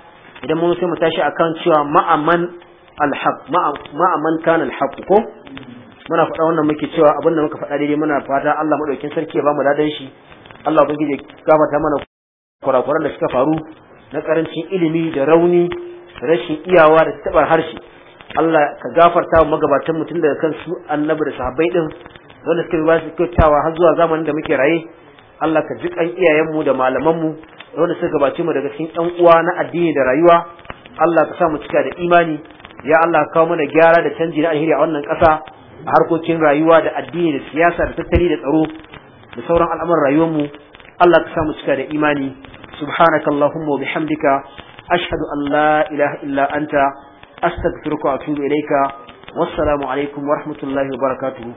idan mun sai mu tashi akan cewa ma'aman alhaq ma'aman kan alhaq ko muna faɗa wannan muke cewa abinda muka faɗa daidai muna fata Allah madaukin sarki ya bamu ladan shi Allah ubangiji ya gafarta mana kurakuran da suka faru na karancin ilimi da rauni rashin iyawa da tabar harshe Allah ka gafarta wa magabatan mutum daga kansu annabi da sahabbai din wanda suka ba su kyautawa har zuwa zamanin da muke raye Allah ka ji kan iyayenmu da malamanmu wanda suka gabace mu daga cikin ɗan uwa na addini da rayuwa Allah ka sa mu cika da imani ya Allah ka kawo mana gyara da canji na alheri a wannan ƙasa a harkokin rayuwa da addini da siyasa da tattali da tsaro da sauran al'amuran rayuwarmu Allah ka sa mu cika da imani subhanakallahumma wa bihamdika ashhadu an la ilaha illa anta astaghfiruka wa atubu ilayka wassalamu alaikum wa rahmatullahi wa barakatuh